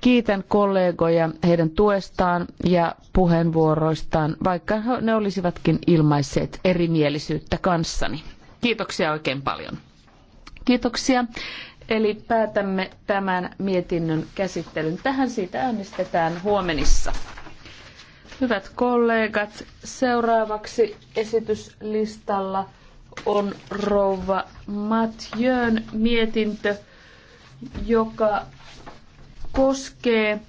Kiitän kollegoja heidän tuestaan ja puheenvuoroistaan, vaikka ne olisivatkin ilmaisseet erimielisyyttä kanssani. Kiitoksia oikein paljon. Kiitoksia. Eli päätämme tämän mietinnön käsittelyn. Tähän siitä äänestetään huomenissa. Hyvät kollegat, seuraavaksi esityslistalla on rouva Matjön mietintö, joka koskee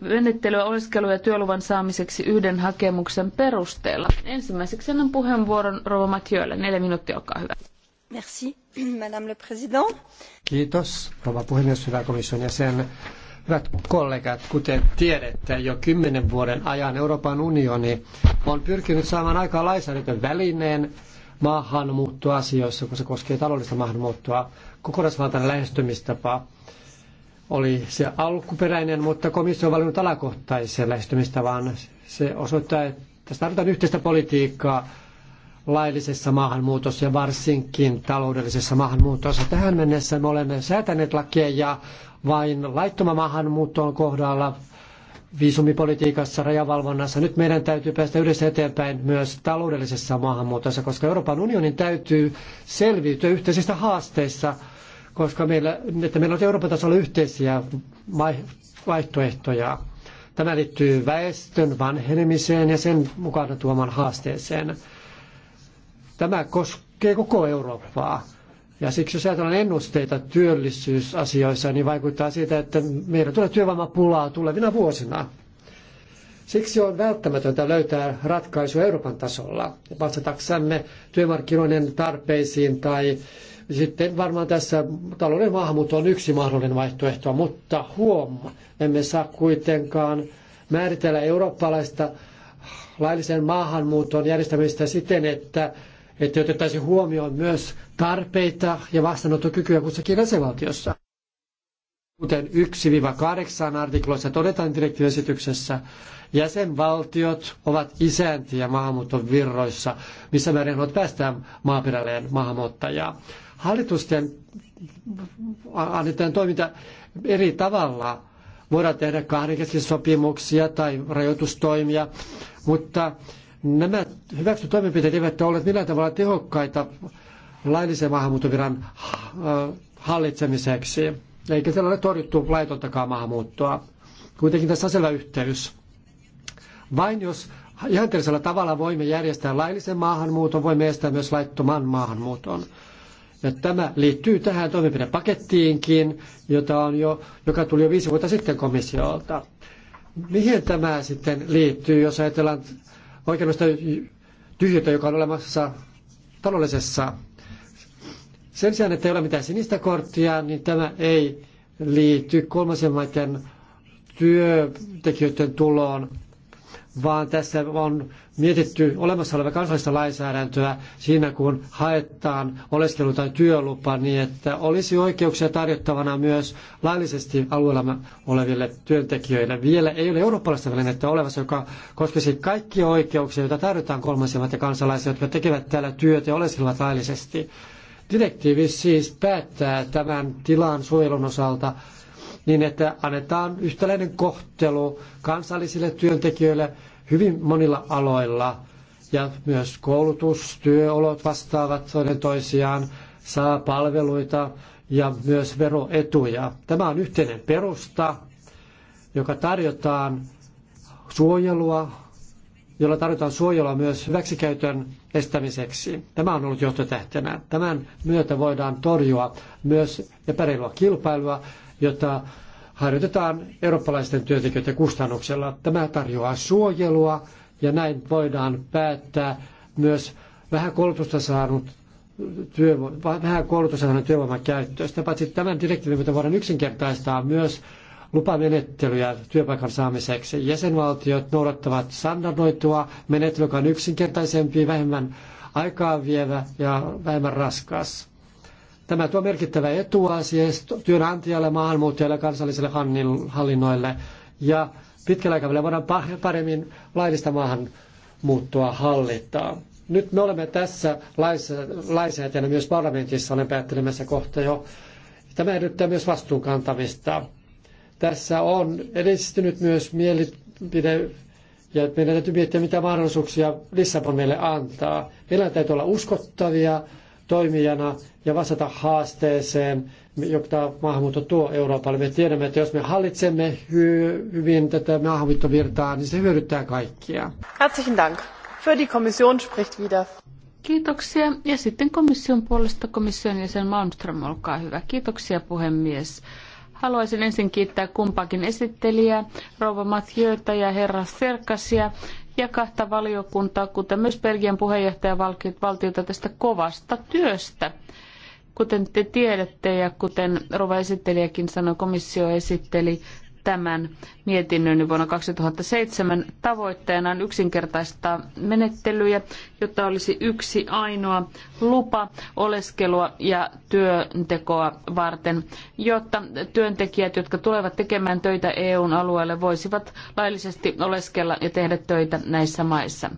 menettelyä oleskelu- ja työluvan saamiseksi yhden hakemuksen perusteella. Ensimmäiseksi annan puheenvuoron Rova Mathieulle. Neljä minuuttia, olkaa hyvä. Merci, Madame le Président. Kiitos, Rova puhemies, hyvä komission jäsen. Hyvät kollegat, kuten tiedätte, jo kymmenen vuoden ajan Euroopan unioni on pyrkinyt saamaan aikaan lainsäädäntön välineen maahanmuuttoasioissa, kun se koskee taloudellista maahanmuuttoa, kokonaisvaltainen lähestymistapa oli se alkuperäinen, mutta komissio on valinnut alakohtaisen vaan Se osoittaa, että tarvitaan yhteistä politiikkaa laillisessa maahanmuutossa ja varsinkin taloudellisessa maahanmuutossa. Tähän mennessä me olemme säätäneet lakeja vain laittoman maahanmuuton kohdalla viisumipolitiikassa, rajavalvonnassa. Nyt meidän täytyy päästä yhdessä eteenpäin myös taloudellisessa maahanmuutossa, koska Euroopan unionin täytyy selviytyä yhteisistä haasteista – koska meillä, että meillä on Euroopan tasolla yhteisiä vaihtoehtoja. Tämä liittyy väestön vanhenemiseen ja sen mukana tuoman haasteeseen. Tämä koskee koko Eurooppaa. Ja siksi jos ajatellaan ennusteita työllisyysasioissa, niin vaikuttaa siitä, että meillä tulee työvoimapulaa tulevina vuosina. Siksi on välttämätöntä löytää ratkaisu Euroopan tasolla vastataksemme työmarkkinoiden tarpeisiin tai sitten varmaan tässä talouden maahanmuutto on yksi mahdollinen vaihtoehto, mutta huom, emme saa kuitenkaan määritellä eurooppalaista laillisen maahanmuuton järjestämistä siten, että, että otettaisiin huomioon myös tarpeita ja vastaanottokykyä kussakin jäsenvaltiossa. Kuten 1-8 artikloissa todetaan direktiivisityksessä, jäsenvaltiot ovat isäntiä maahanmuuton virroissa, missä määrin haluat päästään maaperälleen maahanmuuttajaa. Hallitusten annetaan toiminta eri tavalla. Voidaan tehdä kahdenkeskisiä sopimuksia tai rajoitustoimia, mutta nämä hyväksytyt toimenpiteet eivät ole millään tavalla tehokkaita laillisen maahanmuuttoviran hallitsemiseksi. Eikä siellä ole torjuttu laitontakaan maahanmuuttoa. Kuitenkin tässä on selvä yhteys. Vain jos ihanteellisella tavalla voimme järjestää laillisen maahanmuuton, voimme estää myös laittoman maahanmuuton. Ja tämä liittyy tähän toimenpidepakettiinkin, jota on jo, joka tuli jo viisi vuotta sitten komissiolta. Mihin tämä sitten liittyy, jos ajatellaan oikeudellista tyhjyyttä, joka on olemassa taloudellisessa? Sen sijaan, että ei ole mitään sinistä korttia, niin tämä ei liity kolmasen maiden työntekijöiden tuloon vaan tässä on mietitty olemassa olevaa kansallista lainsäädäntöä siinä, kun haetaan oleskelu- tai työlupa, niin että olisi oikeuksia tarjottavana myös laillisesti alueella oleville työntekijöille. Vielä ei ole eurooppalaista välinettä olemassa, joka koskisi kaikkia oikeuksia, joita tarjotaan kolmansimmat ja kansalaisia, jotka tekevät täällä työtä ja oleskelevat laillisesti. Direktiivi siis päättää tämän tilan suojelun osalta niin että annetaan yhtäläinen kohtelu kansallisille työntekijöille hyvin monilla aloilla. Ja myös koulutus, työolot vastaavat toinen toisiaan, saa palveluita ja myös veroetuja. Tämä on yhteinen perusta, joka tarjotaan suojelua, jolla tarjotaan suojelua myös hyväksikäytön estämiseksi. Tämä on ollut johtotähtenä. Tämän myötä voidaan torjua myös epäreilua kilpailua, jota harjoitetaan eurooppalaisten työntekijöiden kustannuksella. Tämä tarjoaa suojelua ja näin voidaan päättää myös vähän koulutusta saanut työvo- vähän koulutusta saanut työvoiman käyttöön. Sitä paitsi tämän direktiivin, mitä voidaan yksinkertaistaa myös lupamenettelyjä työpaikan saamiseksi. Jäsenvaltiot noudattavat standardoitua menettelyä, joka on yksinkertaisempi, vähemmän aikaa vievä ja vähemmän raskas. Tämä tuo merkittävä etua siis työnantajalle, maahanmuuttajalle ja kansalliselle hallinnoille. Ja pitkällä aikavälillä voidaan paremmin laillista maahanmuuttoa hallittaa. Nyt me olemme tässä lainsäätäjänä myös parlamentissa, olen päättelemässä kohta jo. Tämä edellyttää myös vastuunkantamista. Tässä on edistynyt myös mielipide ja meidän täytyy miettiä, mitä mahdollisuuksia Lissabon meille antaa. Meillä täytyy olla uskottavia, toimijana ja vastata haasteeseen, jota maahanmuutto tuo Euroopalle. Me tiedämme, että jos me hallitsemme hy- hyvin tätä maahanmuuttovirtaa, niin se hyödyttää kaikkia. Herzlichen Dank. Für die Kommission spricht wieder. Kiitoksia. Ja sitten komission puolesta komission jäsen Malmström, olkaa hyvä. Kiitoksia puhemies. Haluaisin ensin kiittää kumpakin esittelijää, rouva Mathieuta ja herra Serkasia ja kahta valiokuntaa, kuten myös Belgian puheenjohtajavaltiota tästä kovasta työstä. Kuten te tiedätte ja kuten Rova esittelijäkin sanoi, komissio esitteli tämän mietinnön vuonna 2007 tavoitteena on yksinkertaistaa menettelyjä, jotta olisi yksi ainoa lupa oleskelua ja työntekoa varten, jotta työntekijät, jotka tulevat tekemään töitä EUn alueelle, voisivat laillisesti oleskella ja tehdä töitä näissä maissa.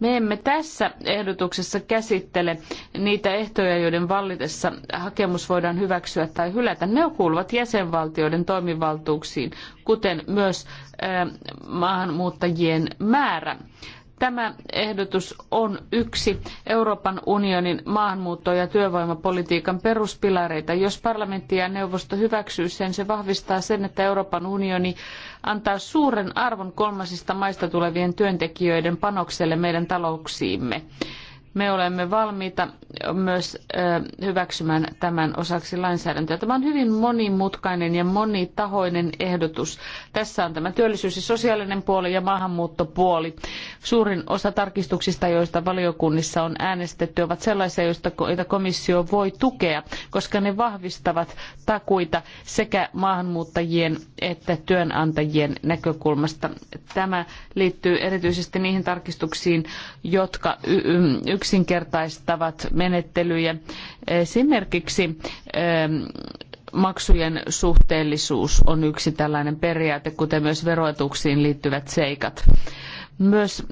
Me emme tässä ehdotuksessa käsittele niitä ehtoja, joiden vallitessa hakemus voidaan hyväksyä tai hylätä. Ne kuuluvat jäsenvaltioiden toimivaltuuksiin, kuten myös maahanmuuttajien määrä. Tämä ehdotus on yksi Euroopan unionin maahanmuutto- ja työvoimapolitiikan peruspilareita. Jos parlamentti ja neuvosto hyväksyy sen, se vahvistaa sen, että Euroopan unioni antaa suuren arvon kolmansista maista tulevien työntekijöiden panokselle meidän talouksiimme me olemme valmiita myös hyväksymään tämän osaksi lainsäädäntöä. Tämä on hyvin monimutkainen ja monitahoinen ehdotus. Tässä on tämä työllisyys- ja sosiaalinen puoli ja maahanmuuttopuoli. Suurin osa tarkistuksista, joista valiokunnissa on äänestetty, ovat sellaisia, joita komissio voi tukea, koska ne vahvistavat takuita sekä maahanmuuttajien että työnantajien näkökulmasta. Tämä liittyy erityisesti niihin tarkistuksiin, jotka y- yksinkertaistavat menettelyjä. Esimerkiksi ähm, maksujen suhteellisuus on yksi tällainen periaate, kuten myös veroetuksiin liittyvät seikat. Myös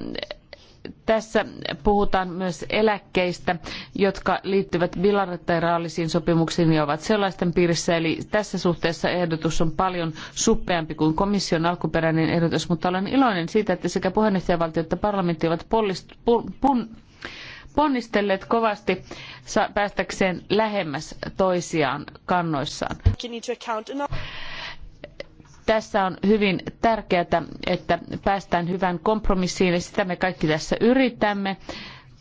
tässä puhutaan myös eläkkeistä, jotka liittyvät bilateraalisiin sopimuksiin ja ovat sellaisten piirissä. Eli tässä suhteessa ehdotus on paljon suppeampi kuin komission alkuperäinen ehdotus, mutta olen iloinen siitä, että sekä puheenjohtajavaltio että parlamentti ovat ponnistelleet kovasti päästäkseen lähemmäs toisiaan kannoissaan. Tässä on hyvin tärkeää, että päästään hyvään kompromissiin ja sitä me kaikki tässä yritämme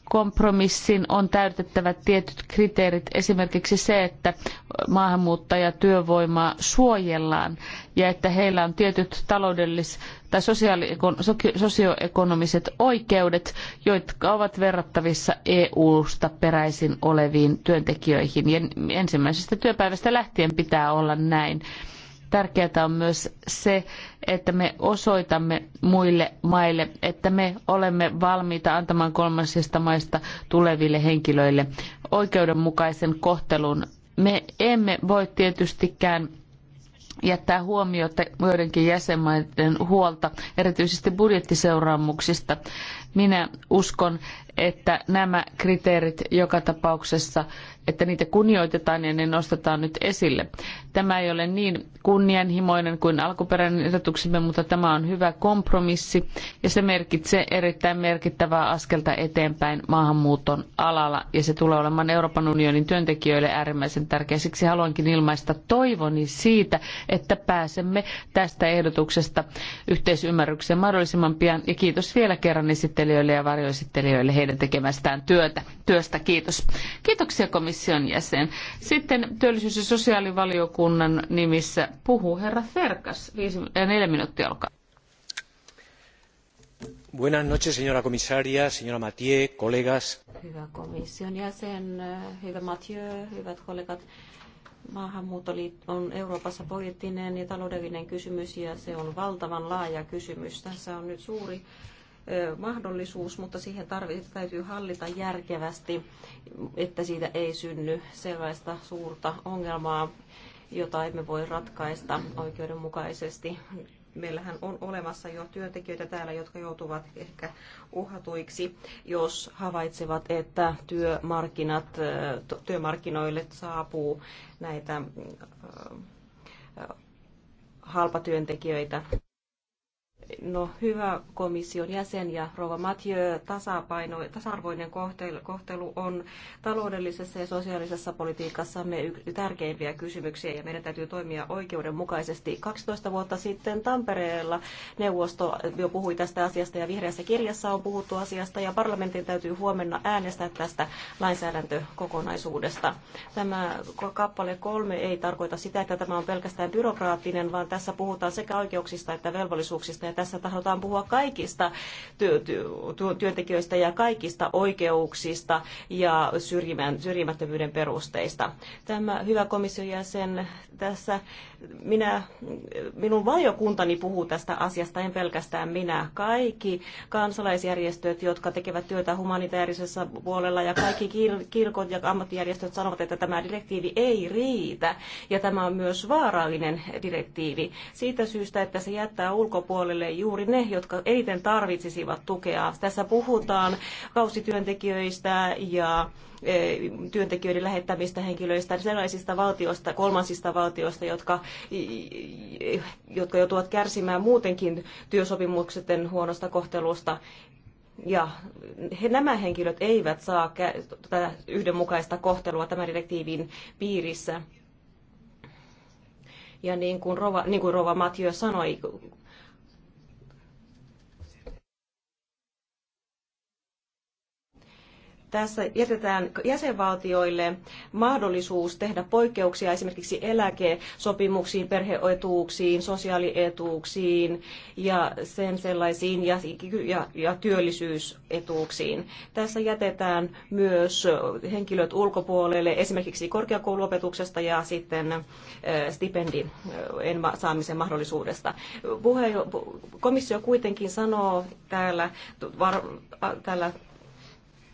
kompromissin on täytettävä tietyt kriteerit, esimerkiksi se, että maahanmuuttajatyövoimaa suojellaan ja että heillä on tietyt taloudelliset tai sosioekonomiset oikeudet, jotka ovat verrattavissa EU-sta peräisin oleviin työntekijöihin. Ja ensimmäisestä työpäivästä lähtien pitää olla näin. Tärkeää on myös se, että me osoitamme muille maille, että me olemme valmiita antamaan kolmansista maista tuleville henkilöille oikeudenmukaisen kohtelun. Me emme voi tietystikään jättää huomiota joidenkin jäsenmaiden huolta, erityisesti budjettiseuraamuksista. Minä uskon, että nämä kriteerit joka tapauksessa, että niitä kunnioitetaan ja ne nostetaan nyt esille. Tämä ei ole niin kunnianhimoinen kuin alkuperäinen ehdotuksemme, mutta tämä on hyvä kompromissi ja se merkitsee erittäin merkittävää askelta eteenpäin maahanmuuton alalla ja se tulee olemaan Euroopan unionin työntekijöille äärimmäisen tärkeä. Siksi haluankin ilmaista toivoni siitä, että pääsemme tästä ehdotuksesta yhteisymmärrykseen mahdollisimman pian ja kiitos vielä kerran esittelijöille ja varjoesittelijöille heidän heidän tekemästään työtä, työstä. Kiitos. Kiitoksia komission jäsen. Sitten työllisyys- ja sosiaalivaliokunnan nimissä puhuu herra Ferkas. Viisi, eh, neljä minuuttia alkaa. Buenas noches, señora comisaria, señora Mathieu, Hyvä komission jäsen, hyvä Mathieu, hyvät kollegat maahanmuutto on Euroopassa poliittinen ja taloudellinen kysymys ja se on valtavan laaja kysymys. Tässä on nyt suuri mahdollisuus, mutta siihen tarvitsee, täytyy hallita järkevästi, että siitä ei synny sellaista suurta ongelmaa, jota emme voi ratkaista oikeudenmukaisesti. Meillähän on olemassa jo työntekijöitä täällä, jotka joutuvat ehkä uhatuiksi, jos havaitsevat, että työmarkkinat, työmarkkinoille saapuu näitä halpatyöntekijöitä. No hyvä komission jäsen ja rouva Mathieu, tasapaino, tasa-arvoinen kohtelu, kohtelu on taloudellisessa ja sosiaalisessa politiikassamme yksi tärkeimpiä kysymyksiä ja meidän täytyy toimia oikeudenmukaisesti. 12 vuotta sitten Tampereella neuvosto jo puhui tästä asiasta ja vihreässä kirjassa on puhuttu asiasta ja parlamentin täytyy huomenna äänestää tästä lainsäädäntökokonaisuudesta. Tämä kappale kolme ei tarkoita sitä, että tämä on pelkästään byrokraattinen, vaan tässä puhutaan sekä oikeuksista että velvollisuuksista ja tässä tahdotaan puhua kaikista työntekijöistä ja kaikista oikeuksista ja syrjimättömyyden perusteista. Tämä hyvä komission jäsen, tässä minä, minun valiokuntani puhuu tästä asiasta, en pelkästään minä. Kaikki kansalaisjärjestöt, jotka tekevät työtä humanitaarisessa puolella ja kaikki kirkot ja ammattijärjestöt sanovat, että tämä direktiivi ei riitä. Ja tämä on myös vaarallinen direktiivi siitä syystä, että se jättää ulkopuolelle työmarkkinoille juuri ne, jotka eniten tarvitsisivat tukea. Tässä puhutaan kausityöntekijöistä ja e, työntekijöiden lähettämistä henkilöistä, sellaisista valtioista, kolmansista valtioista, jotka, jotka joutuvat kärsimään muutenkin työsopimuksen huonosta kohtelusta ja he, nämä henkilöt eivät saa tätä yhdenmukaista kohtelua tämän direktiivin piirissä. Ja niin kuin Rova, niin kuin Rova Mathieu sanoi, tässä jätetään jäsenvaltioille mahdollisuus tehdä poikkeuksia esimerkiksi eläkesopimuksiin, perheetuuksiin, sosiaalietuuksiin ja sen sellaisiin ja, ja, ja työllisyysetuuksiin. Tässä jätetään myös henkilöt ulkopuolelle esimerkiksi korkeakouluopetuksesta ja sitten stipendin saamisen mahdollisuudesta. komissio kuitenkin sanoo täällä, var, täällä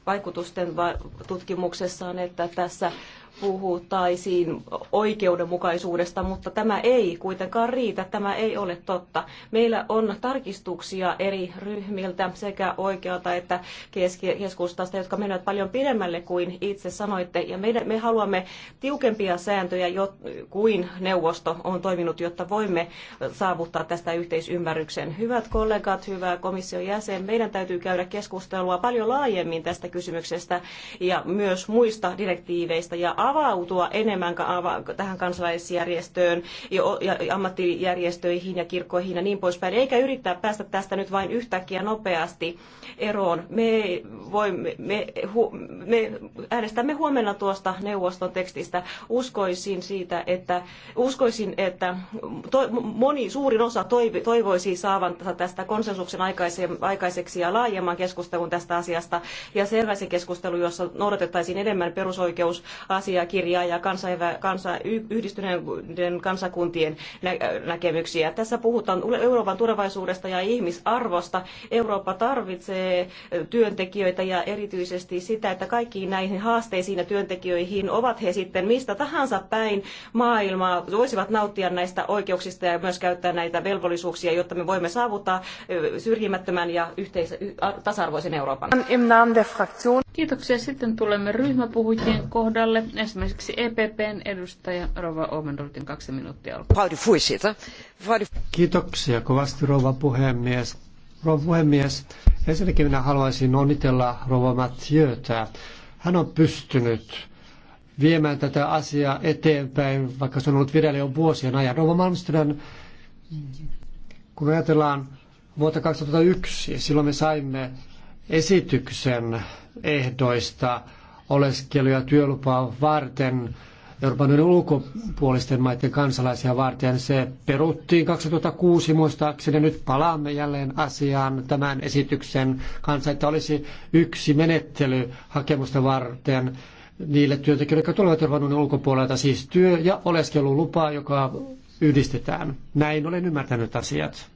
vaikutusten tutkimuksessaan, että tässä puhuttaisiin oikeudenmukaisuudesta, mutta tämä ei kuitenkaan riitä, tämä ei ole totta. Meillä on tarkistuksia eri ryhmiltä sekä oikealta että keskustasta, jotka menevät paljon pidemmälle kuin itse sanoitte. Ja meidän, me haluamme tiukempia sääntöjä jo, kuin neuvosto on toiminut, jotta voimme saavuttaa tästä yhteisymmärryksen. Hyvät kollegat, hyvä komission jäsen, meidän täytyy käydä keskustelua paljon laajemmin tästä kysymyksestä ja myös muista direktiiveistä ja avautua enemmän tähän kansalaisjärjestöön ja ammattijärjestöihin ja kirkkoihin ja niin poispäin, eikä yrittää päästä tästä nyt vain yhtäkkiä nopeasti eroon. Me, voimme, me, me äänestämme huomenna tuosta neuvoston tekstistä. Uskoisin siitä, että uskoisin, että to, moni suurin osa toiv, toivoisi saavansa tästä konsensuksen aikaiseksi ja laajemman keskustelun tästä asiasta ja sellaisen keskustelun, jossa noudatettaisiin enemmän perusoikeusasioita asiakirjaa ja kansainvä, kansa, yhdistyneiden kansakuntien nä, näkemyksiä. Tässä puhutaan Euroopan tulevaisuudesta ja ihmisarvosta. Eurooppa tarvitsee työntekijöitä ja erityisesti sitä, että kaikkiin näihin haasteisiin ja työntekijöihin ovat he sitten mistä tahansa päin maailmaa, voisivat nauttia näistä oikeuksista ja myös käyttää näitä velvollisuuksia, jotta me voimme saavuttaa syrjimättömän ja yhteis- tasa-arvoisen Euroopan. Kiitoksia. Sitten tulemme ryhmäpuhujien kohdalle. Ensimmäiseksi EPPn edustaja Rova Omendoltin kaksi minuuttia alkaa. Kiitoksia kovasti rouva puhemies. Rouva puhemies, ensinnäkin minä haluaisin onnitella rouva Mathieutä. Hän on pystynyt viemään tätä asiaa eteenpäin, vaikka se on ollut vireillä jo vuosien ajan. Rouva Malmström, kun ajatellaan vuotta 2001, silloin me saimme esityksen ehdoista – oleskelu- ja työlupaa varten Euroopan unionin ulkopuolisten maiden kansalaisia varten. Se peruttiin 2006 muistaakseni. Nyt palaamme jälleen asiaan tämän esityksen kanssa, että olisi yksi menettely hakemusta varten niille työntekijöille, jotka tulevat Euroopan unionin ulkopuolelta, siis työ- ja oleskelulupa, joka yhdistetään. Näin olen ymmärtänyt asiat.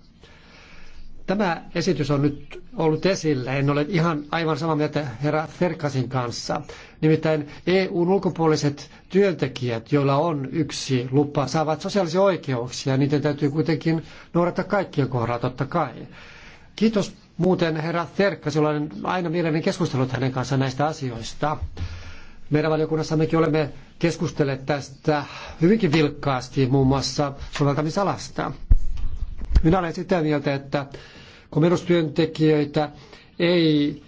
Tämä esitys on nyt ollut esillä. En ole ihan aivan samaa mieltä herra Ferkasin kanssa. Nimittäin EUn ulkopuoliset työntekijät, joilla on yksi lupa, saavat sosiaalisia oikeuksia. Niitä täytyy kuitenkin noudattaa kaikkien kohdalla totta kai. Kiitos muuten herra Ferkas, jolla on aina mielelläni keskustelut hänen kanssaan näistä asioista. Meidän valiokunnassa mekin olemme keskustelleet tästä hyvinkin vilkkaasti muun muassa soveltamisalasta. Minä olen sitä mieltä, että komennustyöntekijöitä ei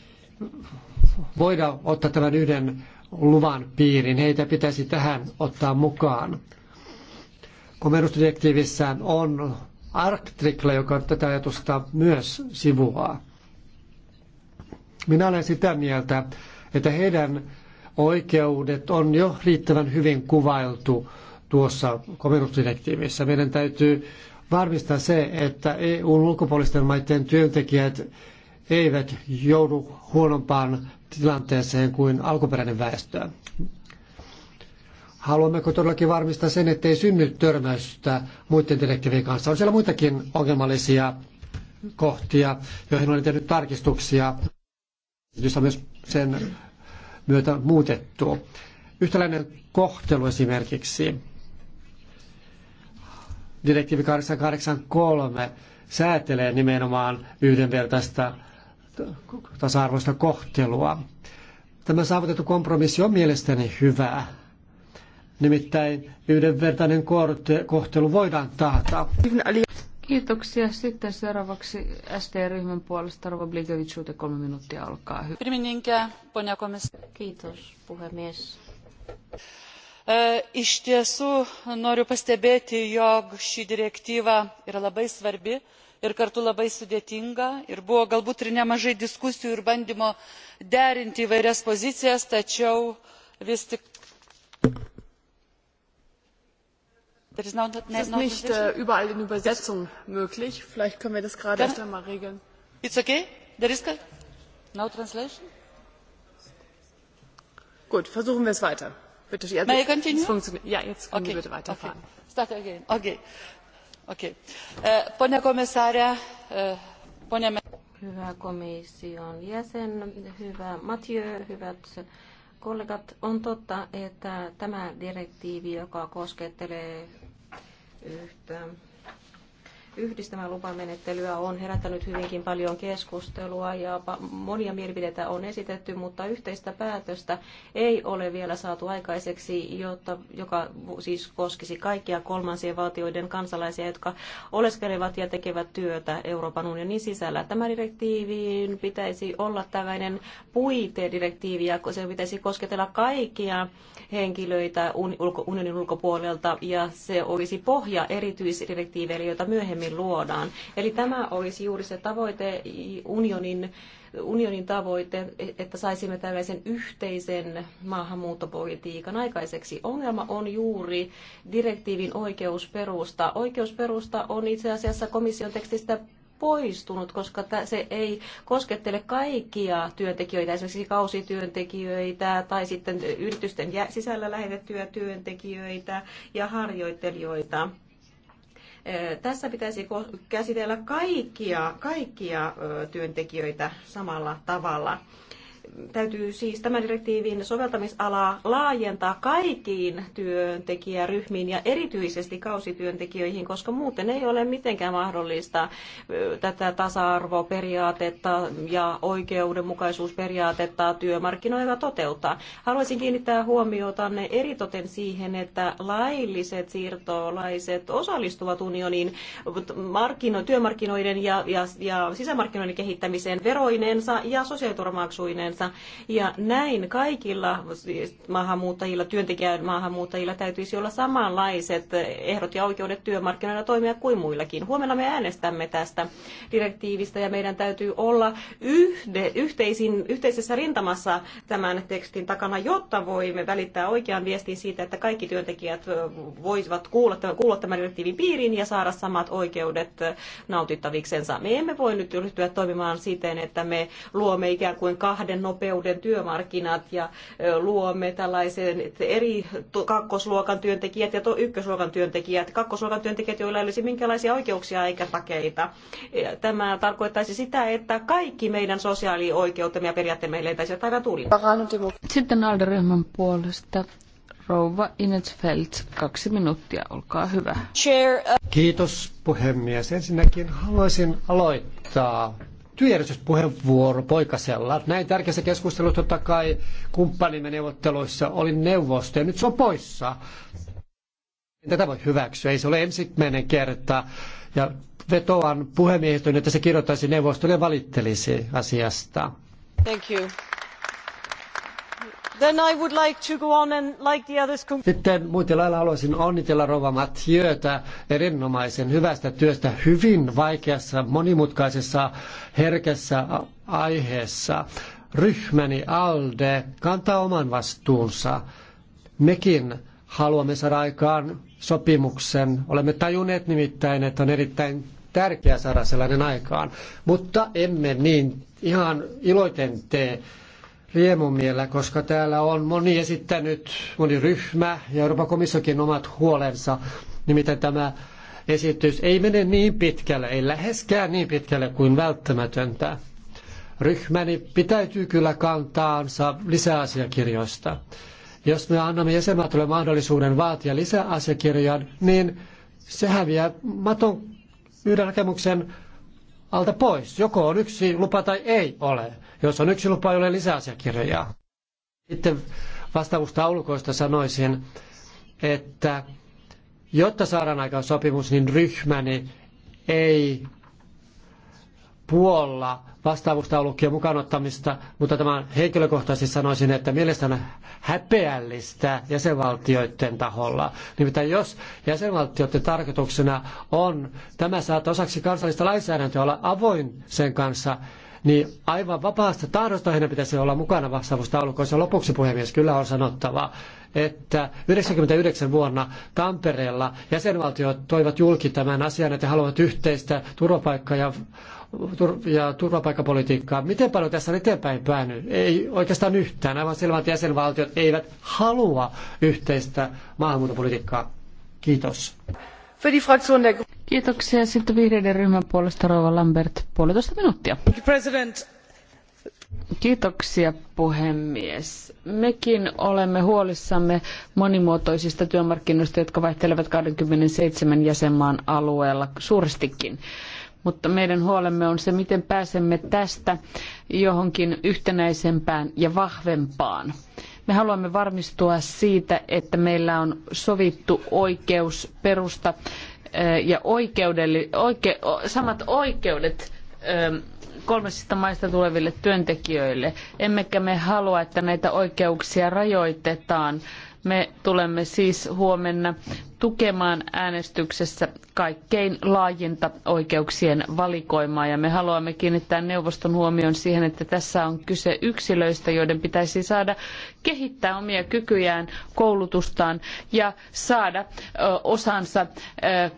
voida ottaa tämän yhden luvan piiriin. Heitä pitäisi tähän ottaa mukaan. Komennusdirektiivissä on artikla, joka tätä ajatusta myös sivuaa. Minä olen sitä mieltä, että heidän oikeudet on jo riittävän hyvin kuvailtu tuossa komennusdirektiivissä. Meidän täytyy varmistaa se, että EUn ulkopuolisten maiden työntekijät eivät joudu huonompaan tilanteeseen kuin alkuperäinen väestö. Haluammeko todellakin varmistaa sen, ettei synny törmäystä muiden direktiivien kanssa? On siellä muitakin ongelmallisia kohtia, joihin olen tehnyt tarkistuksia, jossa myös sen myötä muutettu. Yhtäläinen kohtelu esimerkiksi direktiivi 883 säätelee nimenomaan yhdenvertaista tasa-arvoista kohtelua. Tämä saavutettu kompromissi on mielestäni hyvää. Nimittäin yhdenvertainen kohtelu voidaan taata. Kiitoksia. Sitten seuraavaksi ST-ryhmän puolesta Rova Blinkevichuute kolme minuuttia alkaa. Kiitos puhemies. E, iš tiesų noriu pastebėti jog ši direktyva yra labai svarbi ir kartu labai sudėtinga ir buvo galbūt ir nemažai diskusijų ir bandymų derinti įvairias pozicijas tačiau vis tik Bitte, Sie, May I continue? Ja, jetzt können okay. Sie bitte weiterfahren. Okay. Start again. Okay. Okay. Äh, pone komissaria, äh, pone... Hyvä komission jäsen, hyvä Mathieu, hyvät kollegat, on totta, että tämä direktiivi, joka koskettelee yhtä yhdistämä lupamenettelyä on herättänyt hyvinkin paljon keskustelua ja monia mielipiteitä on esitetty, mutta yhteistä päätöstä ei ole vielä saatu aikaiseksi, jotta, joka siis koskisi kaikkia kolmansien valtioiden kansalaisia, jotka oleskelevat ja tekevät työtä Euroopan unionin sisällä. Tämä direktiiviin pitäisi olla tällainen puitedirektiivi ja se pitäisi kosketella kaikkia henkilöitä unionin ulkopuolelta ja se olisi pohja erityisdirektiiveille, joita myöhemmin usein luodaan. Eli tämä olisi juuri se tavoite unionin unionin tavoite, että saisimme tällaisen yhteisen maahanmuuttopolitiikan aikaiseksi. Ongelma on juuri direktiivin oikeusperusta. Oikeusperusta on itse asiassa komission tekstistä poistunut, koska se ei koskettele kaikkia työntekijöitä, esimerkiksi kausityöntekijöitä tai sitten yritysten sisällä lähetettyjä työntekijöitä ja harjoittelijoita. Tässä pitäisi käsitellä kaikkia, kaikkia työntekijöitä samalla tavalla täytyy siis tämän direktiivin soveltamisalaa laajentaa kaikkiin työntekijäryhmiin ja erityisesti kausityöntekijöihin, koska muuten ei ole mitenkään mahdollista tätä tasa-arvoperiaatetta ja oikeudenmukaisuusperiaatetta työmarkkinoilla toteuttaa. Haluaisin kiinnittää huomiotanne eritoten siihen, että lailliset siirtolaiset osallistuvat unionin markkino- työmarkkinoiden ja, ja, ja sisämarkkinoiden kehittämiseen veroinensa ja sosiaaliturvamaksuinensa kanssa. Ja näin kaikilla siis maahanmuuttajilla, työntekijän maahanmuuttajilla täytyisi olla samanlaiset ehdot ja oikeudet työmarkkinoilla toimia kuin muillakin. Huomenna me äänestämme tästä direktiivistä ja meidän täytyy olla yhde, yhteisin, yhteisessä rintamassa tämän tekstin takana, jotta voimme välittää oikean viestin siitä, että kaikki työntekijät voisivat kuulla, kuulla tämän direktiivin piiriin ja saada samat oikeudet nautittaviksensa. Me emme voi nyt ryhtyä toimimaan siten, että me luomme ikään kuin kahden nopeuden työmarkkinat ja luomme tällaisen eri kakkosluokan työntekijät ja ykkösluokan työntekijät, kakkosluokan työntekijät, joilla ei olisi minkälaisia oikeuksia eikä takeita. Tämä tarkoittaisi sitä, että kaikki meidän sosiaalioikeutemme ja periaatteemme leitäisivät aivan tuli. Sitten Alderyhmän puolesta Rouva kaksi minuuttia, olkaa hyvä. Uh- Kiitos puhemies. Ensinnäkin haluaisin aloittaa työjärjestyspuheenvuoro poikasella. Näin tärkeässä keskustelussa totta kai kumppanimme neuvotteluissa oli neuvosto ja nyt se on poissa. En tätä voi hyväksyä, ei se ole ensimmäinen kerta. Ja vetoan puhemiehistöön, että se kirjoittaisi neuvostolle ja valittelisi asiasta. Thank you. Sitten muuten lailla haluaisin onnitella rouva Mathieuta erinomaisen hyvästä työstä hyvin vaikeassa, monimutkaisessa, herkässä aiheessa. Ryhmäni ALDE kantaa oman vastuunsa. Mekin haluamme saada aikaan sopimuksen. Olemme tajunneet nimittäin, että on erittäin tärkeää saada sellainen aikaan, mutta emme niin ihan iloiten tee riemumielä, koska täällä on moni esittänyt, moni ryhmä ja Euroopan komissiokin omat huolensa, nimittäin tämä esitys ei mene niin pitkälle, ei läheskään niin pitkälle kuin välttämätöntä. Ryhmäni pitäytyy kyllä kantaansa lisäasiakirjoista. Jos me annamme jäsenmaatolle mahdollisuuden vaatia lisäasiakirjan, niin se häviää maton yhden hakemuksen alta pois. Joko on yksi lupa tai ei ole. Jos on yksi lupa, ei ole lisäasiakirjaa. Sitten vastaavuustaulukoista sanoisin, että jotta saadaan aikaan sopimus, niin ryhmäni ei puolla vastaavuustaulukkien mukaan ottamista, mutta tämä henkilökohtaisesti sanoisin, että mielestäni häpeällistä jäsenvaltioiden taholla. Nimittäin jos jäsenvaltioiden tarkoituksena on tämä saada osaksi kansallista lainsäädäntöä olla avoin sen kanssa, niin aivan vapaasta tahdosta heidän pitäisi olla mukana vastaavuustaulukoissa. Lopuksi puhemies kyllä on sanottava, että 99 vuonna Tampereella jäsenvaltiot toivat julki tämän asian, että haluavat yhteistä turvapaikka- ja ja turvapaikkapolitiikkaa. Miten paljon tässä on eteenpäin päänyt? Ei oikeastaan yhtään. Aivan selvä, jäsenvaltiot eivät halua yhteistä maahanmuuttopolitiikkaa. Kiitos. Kiitoksia. Sitten vihreiden ryhmän puolesta Rova Lambert, puolitoista minuuttia. President. Kiitoksia puhemies. Mekin olemme huolissamme monimuotoisista työmarkkinoista, jotka vaihtelevat 27 jäsenmaan alueella suuristikin mutta meidän huolemme on se, miten pääsemme tästä johonkin yhtenäisempään ja vahvempaan. Me haluamme varmistua siitä, että meillä on sovittu oikeusperusta ja oikeudelli, oike, samat oikeudet kolmansista maista tuleville työntekijöille. Emmekä me halua, että näitä oikeuksia rajoitetaan. Me tulemme siis huomenna tukemaan äänestyksessä kaikkein laajinta oikeuksien valikoimaa. Ja me haluamme kiinnittää neuvoston huomion siihen, että tässä on kyse yksilöistä, joiden pitäisi saada kehittää omia kykyjään, koulutustaan ja saada osansa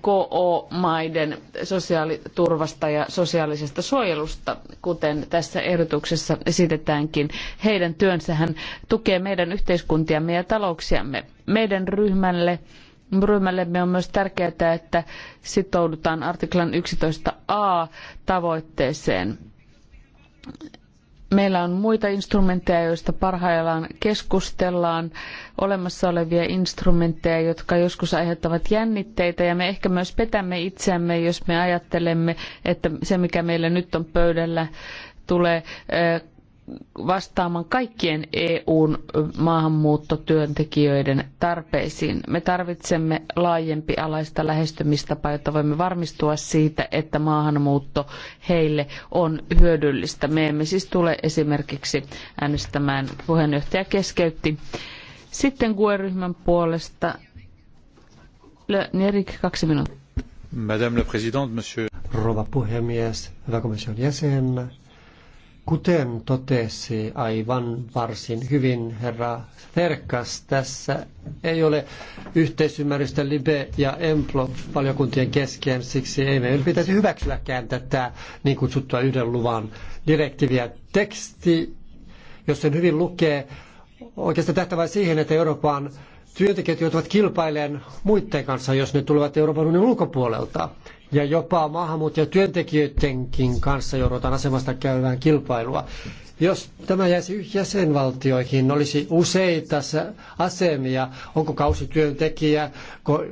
KO-maiden sosiaaliturvasta ja sosiaalisesta suojelusta, kuten tässä ehdotuksessa esitetäänkin. Heidän työnsähän tukee meidän yhteiskuntiamme ja talouksiamme. Meidän ryhmälle Ryhmällemme on myös tärkeää, että sitoudutaan artiklan 11a tavoitteeseen. Meillä on muita instrumentteja, joista parhaillaan keskustellaan, olemassa olevia instrumentteja, jotka joskus aiheuttavat jännitteitä ja me ehkä myös petämme itseämme, jos me ajattelemme, että se mikä meillä nyt on pöydällä tulee vastaamaan kaikkien EUn maahanmuuttotyöntekijöiden tarpeisiin. Me tarvitsemme laajempi alaista lähestymistapaa, jotta voimme varmistua siitä, että maahanmuutto heille on hyödyllistä. Me emme siis tule esimerkiksi äänestämään puheenjohtaja keskeytti. Sitten GUE-ryhmän puolesta Nerik, kaksi minuuttia. Madame la Présidente, Monsieur. Rouva puhemies, hyvä komission jäsen, Kuten totesi aivan varsin hyvin herra Terkkas, tässä ei ole yhteisymmärrystä Libe- ja Emplo-valiokuntien kesken, siksi ei meidän pitäisi hyväksyäkään tätä niin kutsuttua yhden luvan direktiiviä. Teksti, jos sen hyvin lukee, oikeastaan tähtävää siihen, että Euroopan työntekijät joutuvat kilpailemaan muiden kanssa, jos ne tulevat Euroopan unionin ulkopuolelta ja jopa maahanmuuttajatyöntekijöidenkin kanssa joudutaan asemasta käymään kilpailua. Jos tämä jäisi jäsenvaltioihin, olisi useita asemia, onko kausityöntekijä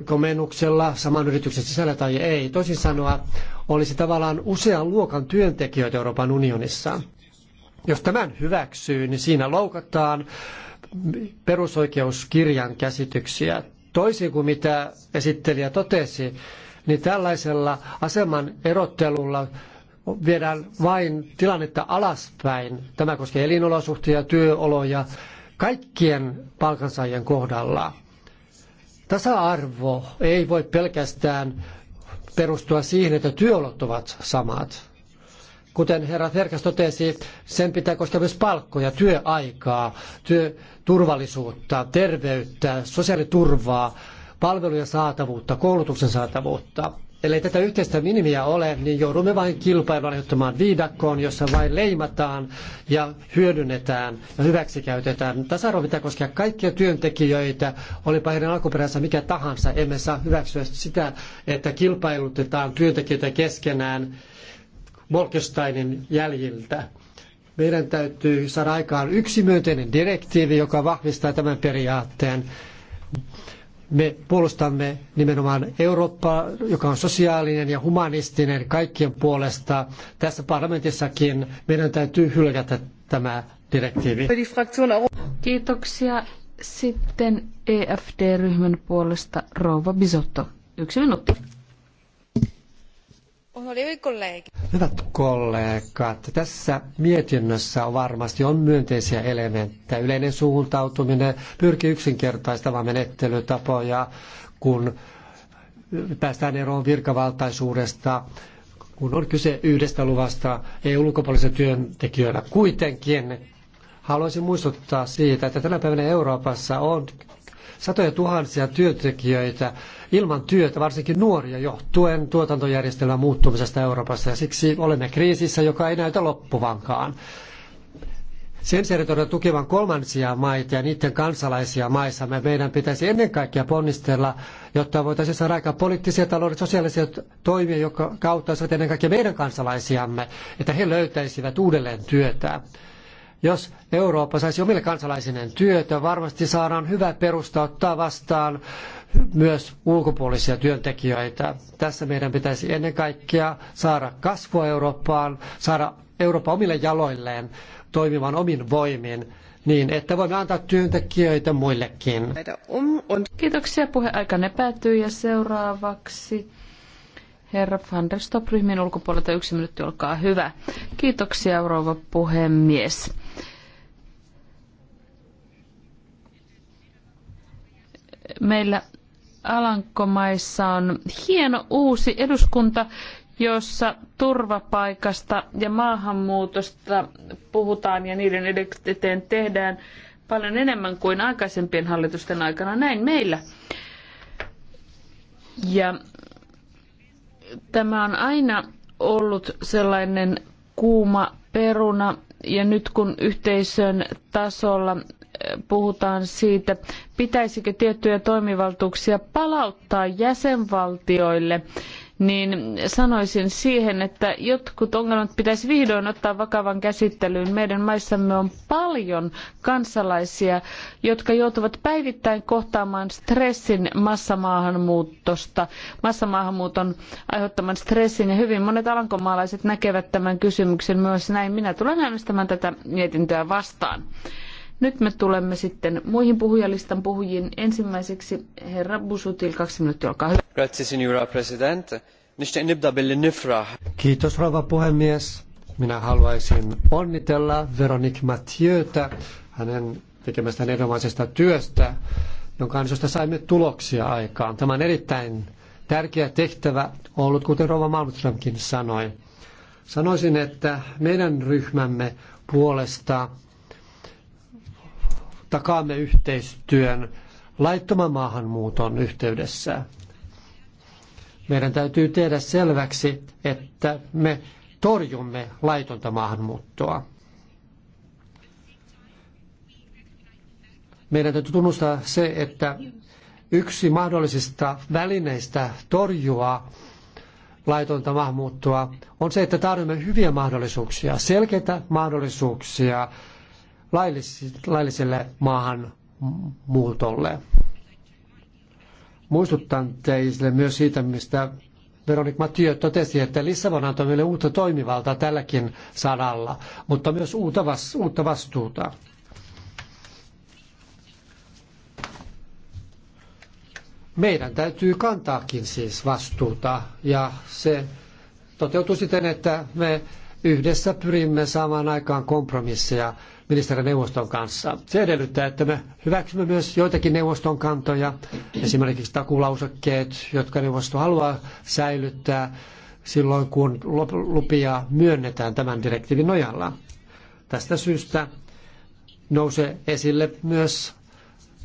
komennuksella saman yrityksen sisällä tai ei. Toisin sanoa, olisi tavallaan usean luokan työntekijöitä Euroopan unionissa. Jos tämän hyväksyy, niin siinä loukataan perusoikeuskirjan käsityksiä. Toisin kuin mitä esittelijä totesi, niin tällaisella aseman erottelulla viedään vain tilannetta alaspäin. Tämä koskee elinolosuhteita, työoloja kaikkien palkansaajien kohdalla. Tasa-arvo ei voi pelkästään perustua siihen, että työolot ovat samat. Kuten herra Ferkas totesi, sen pitää koskea myös palkkoja, työaikaa, työturvallisuutta, terveyttä, sosiaaliturvaa, palvelujen saatavuutta, koulutuksen saatavuutta. Eli tätä yhteistä minimiä ole, niin joudumme vain kilpailun aiheuttamaan viidakkoon, jossa vain leimataan ja hyödynnetään ja hyväksikäytetään. Tasa-arvo pitää koskea kaikkia työntekijöitä, olipa heidän alkuperänsä mikä tahansa. Emme saa hyväksyä sitä, että kilpailutetaan työntekijöitä keskenään Bolkesteinin jäljiltä. Meidän täytyy saada aikaan yksi myönteinen direktiivi, joka vahvistaa tämän periaatteen me puolustamme nimenomaan Eurooppaa, joka on sosiaalinen ja humanistinen kaikkien puolesta. Tässä parlamentissakin meidän täytyy hylätä tämä direktiivi. Kiitoksia. Sitten EFD-ryhmän puolesta Rouva Bisotto. Yksi minuutti. Hyvät kollegat, tässä mietinnössä on varmasti on myönteisiä elementtejä. Yleinen suuntautuminen pyrkii yksinkertaistamaan menettelytapoja, kun päästään eroon virkavaltaisuudesta, kun on kyse yhdestä luvasta EU-ulkopuolisena työntekijöinä. Kuitenkin haluaisin muistuttaa siitä, että tänä päivänä Euroopassa on satoja tuhansia työntekijöitä ilman työtä, varsinkin nuoria, johtuen tuotantojärjestelmän muuttumisesta Euroopassa. Ja siksi olemme kriisissä, joka ei näytä loppuvankaan. Sen sijaan todella tukevan kolmansia maita ja niiden kansalaisia maissa meidän pitäisi ennen kaikkea ponnistella, jotta voitaisiin saada aikaan poliittisia, taloudellisia, sosiaalisia toimia, jotka auttaisivat ennen kaikkea meidän kansalaisiamme, että he löytäisivät uudelleen työtä. Jos Eurooppa saisi omille kansalaisineen työtä, varmasti saadaan hyvä perusta ottaa vastaan myös ulkopuolisia työntekijöitä. Tässä meidän pitäisi ennen kaikkea saada kasvua Eurooppaan, saada Eurooppa omille jaloilleen toimimaan omin voimin niin, että voimme antaa työntekijöitä muillekin. Kiitoksia. Puheaikanne päättyy ja seuraavaksi herra van der Stop ryhmien ulkopuolelta yksi minuutti, olkaa hyvä. Kiitoksia rouva puhemies. meillä Alankomaissa on hieno uusi eduskunta, jossa turvapaikasta ja maahanmuutosta puhutaan ja niiden eteen tehdään paljon enemmän kuin aikaisempien hallitusten aikana. Näin meillä. Ja tämä on aina ollut sellainen kuuma peruna ja nyt kun yhteisön tasolla puhutaan siitä, pitäisikö tiettyjä toimivaltuuksia palauttaa jäsenvaltioille, niin sanoisin siihen, että jotkut ongelmat pitäisi vihdoin ottaa vakavan käsittelyyn. Meidän maissamme on paljon kansalaisia, jotka joutuvat päivittäin kohtaamaan stressin massamaahanmuutosta, massamaahanmuuton aiheuttaman stressin ja hyvin monet alankomaalaiset näkevät tämän kysymyksen myös näin. Minä tulen äänestämään tätä mietintöä vastaan. Nyt me tulemme sitten muihin puhujalistan puhujiin. Ensimmäiseksi herra Busutil, kaksi minuuttia, olkaa hyvä. Grazie, signora presidente. Kiitos rouva puhemies. Minä haluaisin onnitella Veronique Mathieuta hänen tekemästään erinomaisesta työstä, jonka ansiosta saimme tuloksia aikaan. Tämä on erittäin tärkeä tehtävä ollut, kuten rouva Malmströmkin sanoi. Sanoisin, että meidän ryhmämme puolesta takaamme yhteistyön laittoman maahanmuuton yhteydessä. Meidän täytyy tehdä selväksi, että me torjumme laitonta maahanmuuttoa. Meidän täytyy tunnustaa se, että yksi mahdollisista välineistä torjua laitonta maahanmuuttoa on se, että tarjoamme hyviä mahdollisuuksia, selkeitä mahdollisuuksia lailliselle maahanmuutolle. Muistutan teille myös siitä, mistä Veronik Mathieu totesi, että Lissabon antoi meille uutta toimivaltaa tälläkin saralla, mutta myös uutta, vas, uutta vastuuta. Meidän täytyy kantaakin siis vastuuta ja se toteutuu siten, että me yhdessä pyrimme saamaan aikaan kompromisseja ministerineuvoston kanssa. Se edellyttää, että me hyväksymme myös joitakin neuvoston kantoja, esimerkiksi takulausekkeet, jotka neuvosto haluaa säilyttää silloin, kun lupia myönnetään tämän direktiivin nojalla. Tästä syystä nousee esille myös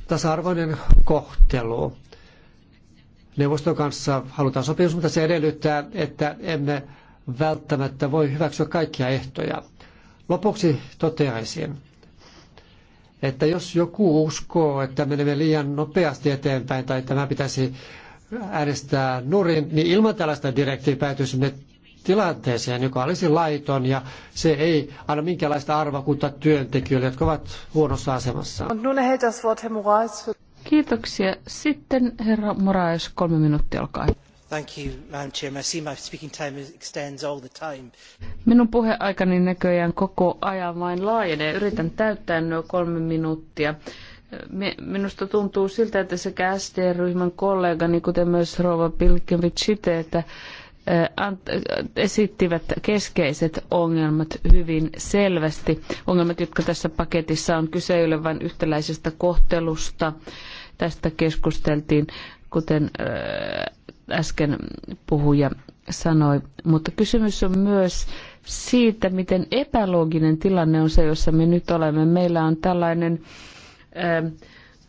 tasa-arvoinen kohtelu. Neuvoston kanssa halutaan sopimus, mutta se edellyttää, että emme välttämättä voi hyväksyä kaikkia ehtoja. Lopuksi toteaisin, että jos joku uskoo, että menemme liian nopeasti eteenpäin tai tämä pitäisi äänestää nurin, niin ilman tällaista direktiiviä päätyisimme tilanteeseen, joka olisi laiton ja se ei anna minkäänlaista arvokuutta työntekijöille, jotka ovat huonossa asemassa. Kiitoksia. Sitten herra Moraes, kolme minuuttia, olkaa hyvä. Minun puheaikani näköjään koko ajan vain laajenee. Yritän täyttää nuo kolme minuuttia. Minusta tuntuu siltä, että sekä SD-ryhmän kollegani, kuten myös Rova Pilkevitsite, että esittivät keskeiset ongelmat hyvin selvästi. Ongelmat, jotka tässä paketissa on kyse, ei ole vain yhtäläisestä kohtelusta. Tästä keskusteltiin, kuten äsken puhuja sanoi. Mutta kysymys on myös siitä, miten epälooginen tilanne on se, jossa me nyt olemme. Meillä on tällainen äh,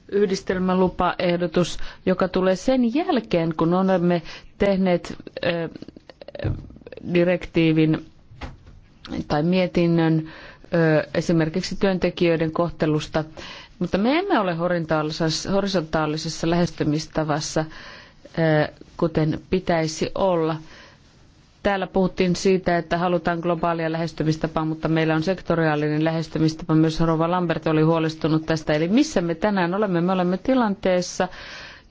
yhdistelmälupaehdotus, joka tulee sen jälkeen, kun olemme tehneet ähm, direktiivin tai mietinnön äh, esimerkiksi työntekijöiden kohtelusta, mutta me emme ole horisontaalisessa lähestymistavassa kuten pitäisi olla. Täällä puhuttiin siitä, että halutaan globaalia lähestymistapaa, mutta meillä on sektoriaalinen lähestymistapa. Myös Rova Lambert oli huolestunut tästä. Eli missä me tänään olemme? Me olemme tilanteessa,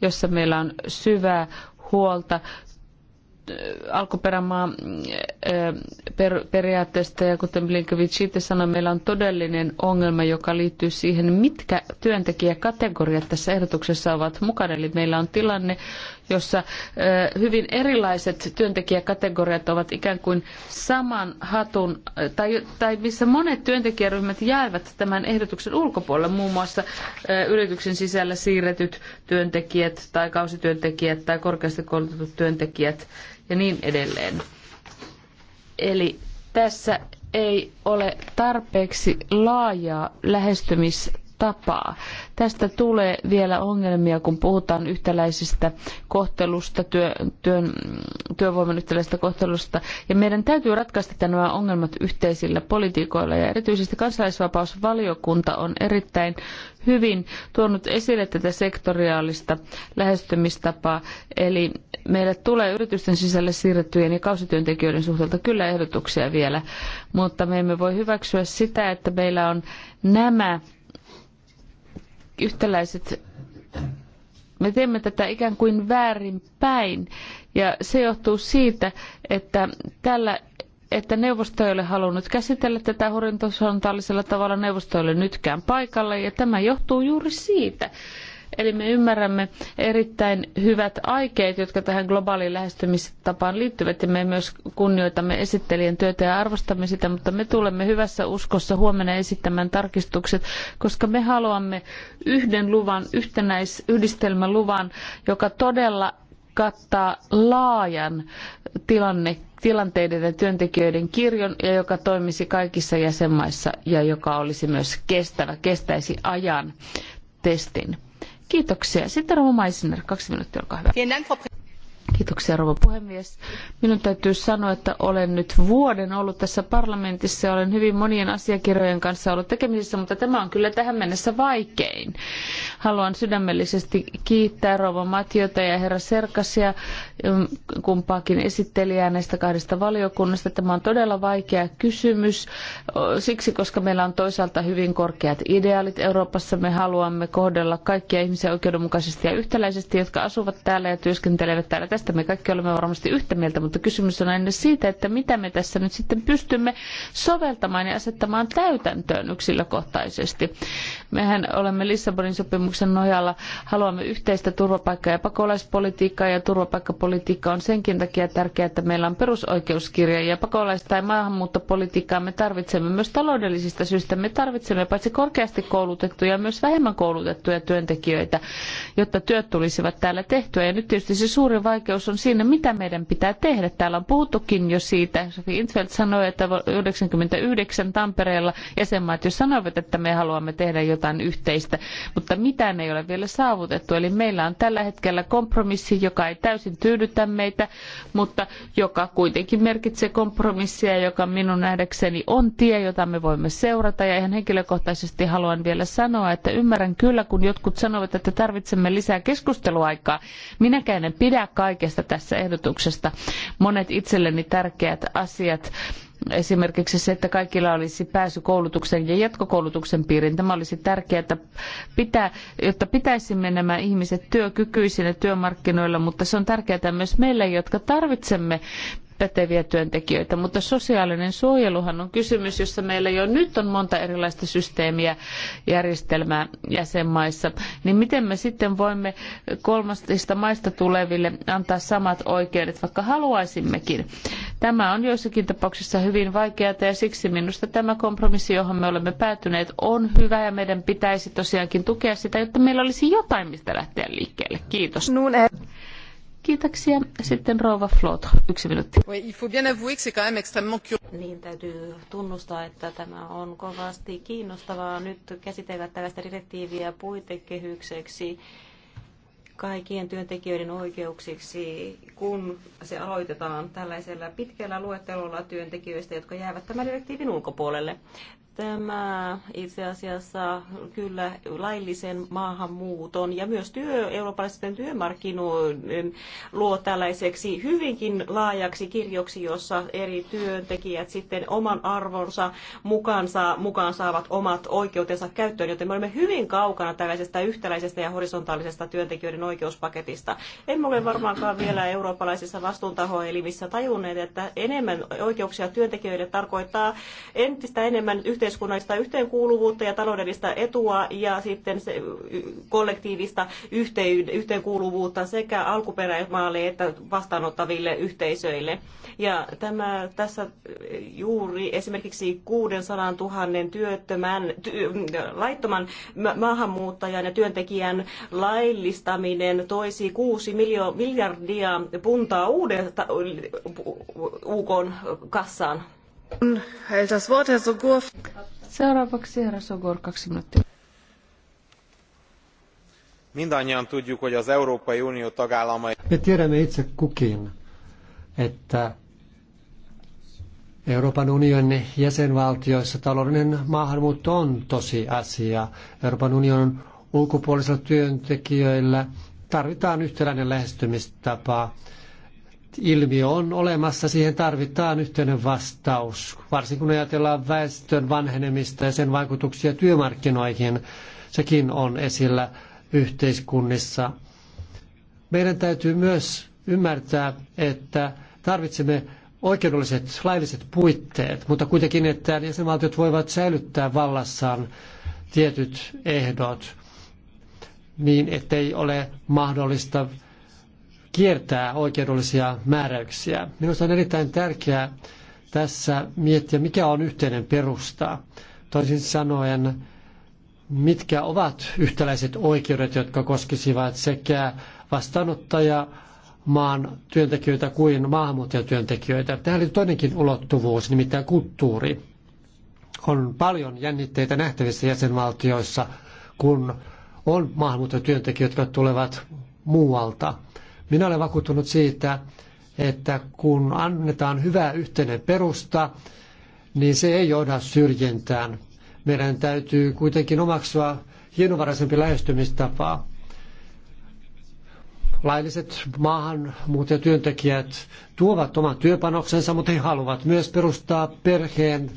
jossa meillä on syvää huolta alkuperämaa per, periaatteesta ja kuten Blinkovic itse sanoi, meillä on todellinen ongelma, joka liittyy siihen, mitkä työntekijäkategoriat tässä ehdotuksessa ovat mukana. Eli meillä on tilanne, jossa hyvin erilaiset työntekijäkategoriat ovat ikään kuin saman hatun, tai, tai missä monet työntekijäryhmät jäävät tämän ehdotuksen ulkopuolelle, muun muassa yrityksen sisällä siirretyt työntekijät tai kausityöntekijät tai korkeasti koulutetut työntekijät ja niin edelleen. Eli tässä ei ole tarpeeksi laajaa lähestymis tapaa. Tästä tulee vielä ongelmia, kun puhutaan yhtäläisestä kohtelusta, työ, työn, työvoiman yhtäläisestä kohtelusta. Ja meidän täytyy ratkaista nämä ongelmat yhteisillä politiikoilla. Ja erityisesti kansalaisvapausvaliokunta on erittäin hyvin tuonut esille tätä sektoriaalista lähestymistapaa. Eli meille tulee yritysten sisälle siirrettyjen ja kausityöntekijöiden suhteelta kyllä ehdotuksia vielä, mutta me emme voi hyväksyä sitä, että meillä on nämä yhtäläiset. Me teemme tätä ikään kuin väärin päin. ja se johtuu siitä, että tällä että neuvosto ei ole halunnut käsitellä tätä horisontaalisella tavalla neuvosto ei ole nytkään paikalla ja tämä johtuu juuri siitä, Eli me ymmärrämme erittäin hyvät aikeet, jotka tähän globaaliin lähestymistapaan liittyvät, ja me myös kunnioitamme esittelijän työtä ja arvostamme sitä, mutta me tulemme hyvässä uskossa huomenna esittämään tarkistukset, koska me haluamme yhden luvan, yhtenäis yhdistelmäluvan, joka todella kattaa laajan tilanne, tilanteiden ja työntekijöiden kirjon ja joka toimisi kaikissa jäsenmaissa ja joka olisi myös kestävä, kestäisi ajan testin. Kiitoksia. Sitten Roma Meissner, kaksi minuuttia, olkaa hyvä. Kiitoksia rouva puhemies. Minun täytyy sanoa, että olen nyt vuoden ollut tässä parlamentissa ja olen hyvin monien asiakirjojen kanssa ollut tekemisissä, mutta tämä on kyllä tähän mennessä vaikein. Haluan sydämellisesti kiittää rouva Matiota ja herra Serkasia mm, kumpaakin esittelijää näistä kahdesta valiokunnasta. Tämä on todella vaikea kysymys siksi, koska meillä on toisaalta hyvin korkeat ideaalit Euroopassa. Me haluamme kohdella kaikkia ihmisiä oikeudenmukaisesti ja yhtäläisesti, jotka asuvat täällä ja työskentelevät täällä. Tästä tästä me kaikki olemme varmasti yhtä mieltä, mutta kysymys on aina siitä, että mitä me tässä nyt sitten pystymme soveltamaan ja asettamaan täytäntöön yksilökohtaisesti. Mehän olemme Lissabonin sopimuksen nojalla, haluamme yhteistä turvapaikka- ja pakolaispolitiikkaa ja turvapaikkapolitiikka on senkin takia tärkeää, että meillä on perusoikeuskirja ja pakolais- tai maahanmuuttopolitiikkaa me tarvitsemme myös taloudellisista syistä. Me tarvitsemme paitsi korkeasti koulutettuja myös vähemmän koulutettuja työntekijöitä, jotta työt tulisivat täällä tehtyä. Ja nyt tietysti se suuri vaikeus oikeus on siinä, mitä meidän pitää tehdä. Täällä on puhuttukin jo siitä. Sofi Intfeld sanoi, että 99 Tampereella jäsenmaat jo sanoivat, että me haluamme tehdä jotain yhteistä, mutta mitään ei ole vielä saavutettu. Eli meillä on tällä hetkellä kompromissi, joka ei täysin tyydytä meitä, mutta joka kuitenkin merkitsee kompromissia, joka minun nähdäkseni on tie, jota me voimme seurata. Ja ihan henkilökohtaisesti haluan vielä sanoa, että ymmärrän kyllä, kun jotkut sanovat, että tarvitsemme lisää keskusteluaikaa. Minäkään en pidä kaikkea kaikesta tässä ehdotuksesta. Monet itselleni tärkeät asiat esimerkiksi se, että kaikilla olisi pääsy koulutuksen ja jatkokoulutuksen piiriin. Tämä olisi tärkeää, että pitää, jotta pitäisimme nämä ihmiset työkykyisinä työmarkkinoilla, mutta se on tärkeää myös meille, jotka tarvitsemme päteviä työntekijöitä, mutta sosiaalinen suojeluhan on kysymys, jossa meillä jo nyt on monta erilaista systeemiä, järjestelmää jäsenmaissa, niin miten me sitten voimme kolmastista maista tuleville antaa samat oikeudet, vaikka haluaisimmekin. Tämä on joissakin tapauksissa hyvin vaikeaa ja siksi minusta tämä kompromissi, johon me olemme päätyneet, on hyvä ja meidän pitäisi tosiaankin tukea sitä, jotta meillä olisi jotain, mistä lähteä liikkeelle. Kiitos. Kiitoksia. Sitten Rova Flot, yksi minuutti. Niin täytyy tunnustaa, että tämä on kovasti kiinnostavaa nyt käsitellä tällaista direktiiviä puitekehykseksi kaikkien työntekijöiden oikeuksiksi, kun se aloitetaan tällaisella pitkällä luettelolla työntekijöistä, jotka jäävät tämän direktiivin ulkopuolelle. Tämä itse asiassa kyllä laillisen maahanmuuton ja myös työ, eurooppalaisten työmarkkinoiden luo tällaiseksi hyvinkin laajaksi kirjoksi, jossa eri työntekijät sitten oman arvonsa mukaansa, mukaan saavat omat oikeutensa käyttöön, joten me olemme hyvin kaukana tällaisesta yhtäläisestä ja horisontaalisesta työntekijöiden oikeuspaketista. Emme ole varmaankaan vielä eurooppalaisissa vastuuntahoelimissä tajunneet, että enemmän oikeuksia työntekijöille tarkoittaa entistä enemmän yhteistyötä yhteiskunnallista yhteenkuuluvuutta ja taloudellista etua ja sitten se kollektiivista yhteen, yhteenkuuluvuutta sekä alkuperäismaalle että vastaanottaville yhteisöille. Ja tämä tässä juuri esimerkiksi 600 000 työttömän, ty, laittoman maahanmuuttajan ja työntekijän laillistaminen toisi 6 miljo, miljardia puntaa uudesta UK kassaan Mindannyian tudjuk, hogy az Európai Unió tagállamai... kukin, että Euroopan unionin jäsenvaltioissa taloudellinen maahanmuutto on tosi asia. Euroopan unionin ulkopuolisilla työntekijöillä tarvitaan yhtäläinen lähestymistapa ilmiö on olemassa, siihen tarvitaan yhteinen vastaus, varsinkin kun ajatellaan väestön vanhenemista ja sen vaikutuksia työmarkkinoihin. Sekin on esillä yhteiskunnissa. Meidän täytyy myös ymmärtää, että tarvitsemme oikeudelliset, lailliset puitteet, mutta kuitenkin, että jäsenvaltiot voivat säilyttää vallassaan tietyt ehdot niin, ettei ole mahdollista kiertää oikeudellisia määräyksiä. Minusta on erittäin tärkeää tässä miettiä, mikä on yhteinen perusta. Toisin sanoen, mitkä ovat yhtäläiset oikeudet, jotka koskisivat sekä vastaanottaja maan työntekijöitä kuin maahanmuuttajatyöntekijöitä. Tähän liittyy toinenkin ulottuvuus, nimittäin kulttuuri. On paljon jännitteitä nähtävissä jäsenvaltioissa, kun on maahanmuuttajatyöntekijöitä, jotka tulevat muualta. Minä olen vakuuttunut siitä, että kun annetaan hyvä yhteinen perusta, niin se ei johda syrjintään. Meidän täytyy kuitenkin omaksua hienovaraisempi lähestymistapa. Lailliset työntekijät tuovat oman työpanoksensa, mutta he haluavat myös perustaa perheen,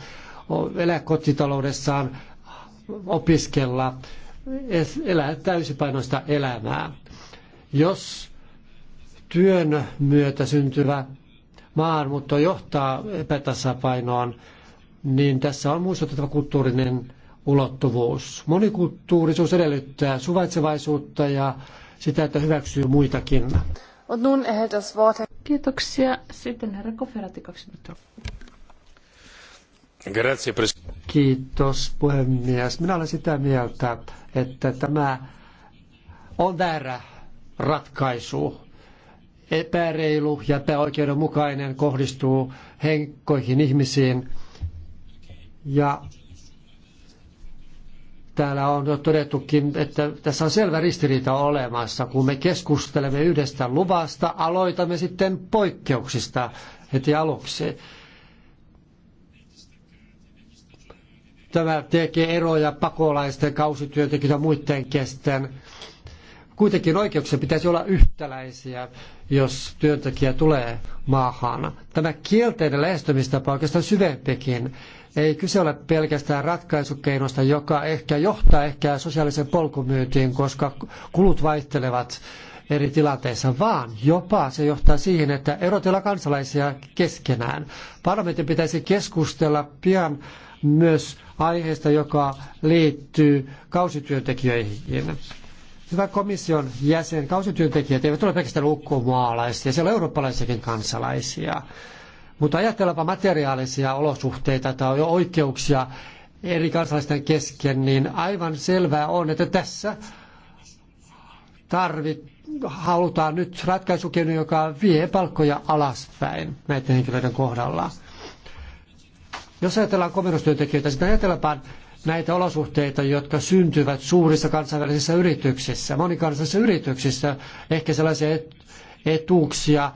elää kotitaloudessaan, opiskella, elää täysipainoista elämää. Jos työn myötä syntyvä maahanmuutto johtaa epätasapainoon, niin tässä on muistutettava kulttuurinen ulottuvuus. Monikulttuurisuus edellyttää suvaitsevaisuutta ja sitä, että hyväksyy muitakin. Kiitoksia. Sitten herra Koferati, kaksi minuuttia. Kiitos puhemies. Minä olen sitä mieltä, että tämä on väärä ratkaisu epäreilu ja epäoikeudenmukainen kohdistuu henkkoihin ihmisiin. Ja täällä on jo todettukin, että tässä on selvä ristiriita olemassa. Kun me keskustelemme yhdestä luvasta, aloitamme sitten poikkeuksista heti aluksi. Tämä tekee eroja pakolaisten, kausityöntekijöiden ja muiden kesken kuitenkin oikeuksien pitäisi olla yhtäläisiä, jos työntekijä tulee maahan. Tämä kielteinen lähestymistapa on oikeastaan syvempikin. Ei kyse ole pelkästään ratkaisukeinosta, joka ehkä johtaa ehkä sosiaaliseen polkumyyntiin, koska kulut vaihtelevat eri tilanteissa, vaan jopa se johtaa siihen, että erotella kansalaisia keskenään. Parlamentin pitäisi keskustella pian myös aiheesta, joka liittyy kausityöntekijöihin. Hyvä komission jäsen, kausityöntekijät eivät ole pelkästään ulkomaalaisia, siellä on eurooppalaisiakin kansalaisia. Mutta ajatellaanpa materiaalisia olosuhteita tai oikeuksia eri kansalaisten kesken, niin aivan selvää on, että tässä tarvit, halutaan nyt ratkaisukeino, joka vie palkkoja alaspäin näiden henkilöiden kohdalla. Jos ajatellaan komennustyöntekijöitä, sitten ajatellaanpa näitä olosuhteita, jotka syntyvät suurissa kansainvälisissä yrityksissä, monikansallisissa yrityksissä, ehkä sellaisia etuuksia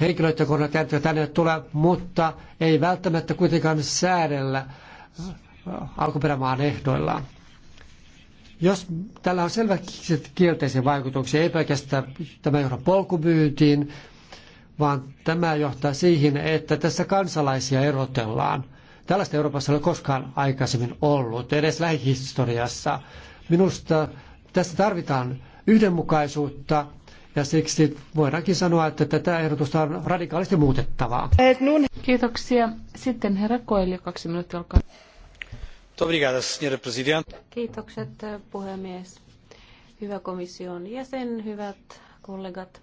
henkilöiden kohdalla, jotka tänne tulee, mutta ei välttämättä kuitenkaan säädellä alkuperämaan ehdoillaan. Jos tällä on selvästi kielteisiä vaikutuksia, ei pelkästään tämä johda polkumyyntiin, vaan tämä johtaa siihen, että tässä kansalaisia erotellaan – Tällaista Euroopassa ei ole koskaan aikaisemmin ollut, edes lähihistoriassa. Minusta tässä tarvitaan yhdenmukaisuutta ja siksi voidaankin sanoa, että tätä ehdotusta on radikaalisti muutettavaa. Kiitoksia. Sitten herra Koelio, kaksi minuuttia, olkaa. Kiitokset puhemies. Hyvä komission jäsen, hyvät kollegat.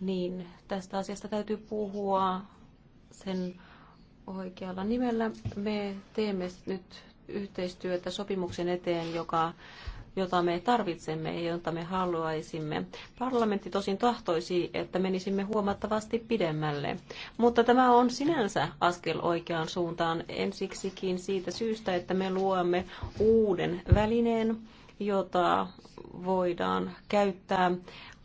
Niin, tästä asiasta täytyy puhua sen oikealla nimellä. Me teemme nyt yhteistyötä sopimuksen eteen, joka jota me tarvitsemme ja jota me haluaisimme. Parlamentti tosin tahtoisi, että menisimme huomattavasti pidemmälle, mutta tämä on sinänsä askel oikeaan suuntaan ensiksikin siitä syystä, että me luomme uuden välineen, jota voidaan käyttää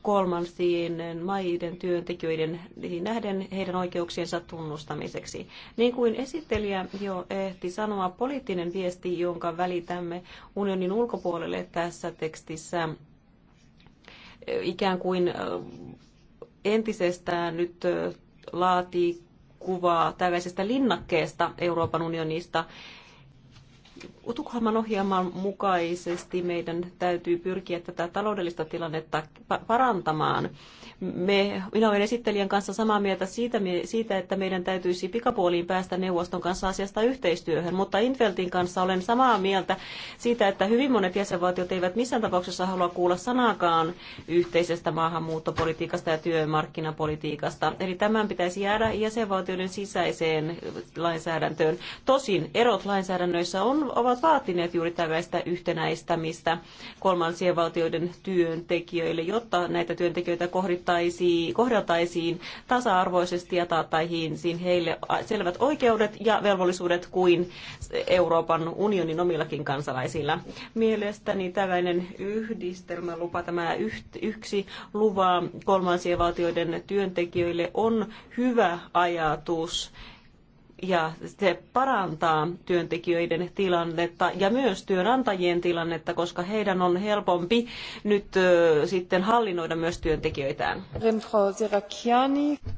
kolmansien maiden työntekijöiden nähden heidän oikeuksiensa tunnustamiseksi. Niin kuin esittelijä jo ehti sanoa, poliittinen viesti, jonka välitämme unionin ulkopuolelle tässä tekstissä, ikään kuin entisestään nyt laatii kuvaa tällaisesta linnakkeesta Euroopan unionista, Tukholman ohjelman mukaisesti meidän täytyy pyrkiä tätä taloudellista tilannetta parantamaan me, minä olen esittelijän kanssa samaa mieltä siitä, siitä, että meidän täytyisi pikapuoliin päästä neuvoston kanssa asiasta yhteistyöhön, mutta Infeltin kanssa olen samaa mieltä siitä, että hyvin monet jäsenvaltiot eivät missään tapauksessa halua kuulla sanaakaan yhteisestä maahanmuuttopolitiikasta ja työmarkkinapolitiikasta. Eli tämän pitäisi jäädä jäsenvaltioiden sisäiseen lainsäädäntöön. Tosin erot lainsäädännöissä on, ovat vaatineet juuri tällaista yhtenäistämistä kolmansien valtioiden työntekijöille, jotta näitä työntekijöitä kohditaan kohdeltaisiin, kohdeltaisiin tasa-arvoisesti ja taattaisiin heille selvät oikeudet ja velvollisuudet kuin Euroopan unionin omillakin kansalaisilla. Mielestäni tällainen yhdistelmälupa, tämä yksi luva kolmansien valtioiden työntekijöille on hyvä ajatus ja se parantaa työntekijöiden tilannetta ja myös työnantajien tilannetta, koska heidän on helpompi nyt sitten hallinnoida myös työntekijöitään.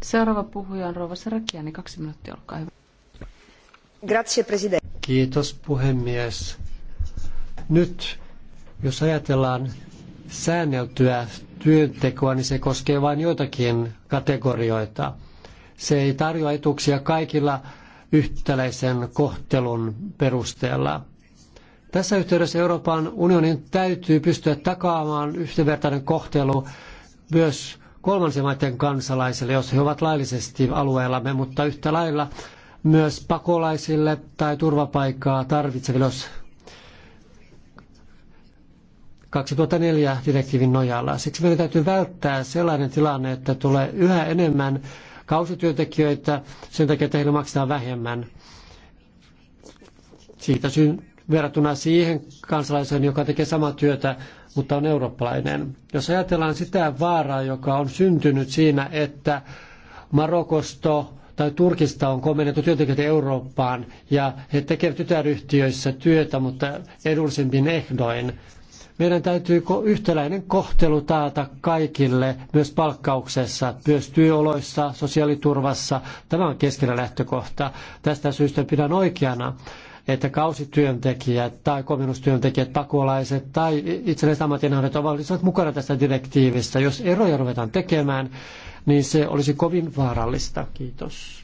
Seuraava puhuja on Rova Serakiani, kaksi minuuttia, olkaa hyvä. Grazie, Kiitos puhemies. Nyt jos ajatellaan säänneltyä työntekoa, niin se koskee vain joitakin kategorioita. Se ei tarjoa etuuksia kaikilla yhtäläisen kohtelun perusteella. Tässä yhteydessä Euroopan unionin täytyy pystyä takaamaan yhdenvertainen kohtelu myös kolmansien maiden kansalaisille, jos he ovat laillisesti alueellamme, mutta yhtä lailla myös pakolaisille tai turvapaikkaa tarvitseville, jos 2004 direktiivin nojalla. Siksi meidän täytyy välttää sellainen tilanne, että tulee yhä enemmän kausityöntekijöitä sen takia, että heille maksetaan vähemmän. Siitä syyn verrattuna siihen kansalaiseen, joka tekee samaa työtä, mutta on eurooppalainen. Jos ajatellaan sitä vaaraa, joka on syntynyt siinä, että Marokosto tai Turkista on komennettu työntekijöitä Eurooppaan ja he tekevät tytäryhtiöissä työtä, mutta edullisempiin ehdoin. Meidän täytyy yhtäläinen kohtelu taata kaikille, myös palkkauksessa, myös työoloissa, sosiaaliturvassa. Tämä on keskeinen lähtökohta. Tästä syystä pidän oikeana, että kausityöntekijät tai komennustyöntekijät, pakolaiset tai itsenäiset ammatinharjoittajat ovat mukana tässä direktiivissä. Jos eroja ruvetaan tekemään, niin se olisi kovin vaarallista. Kiitos.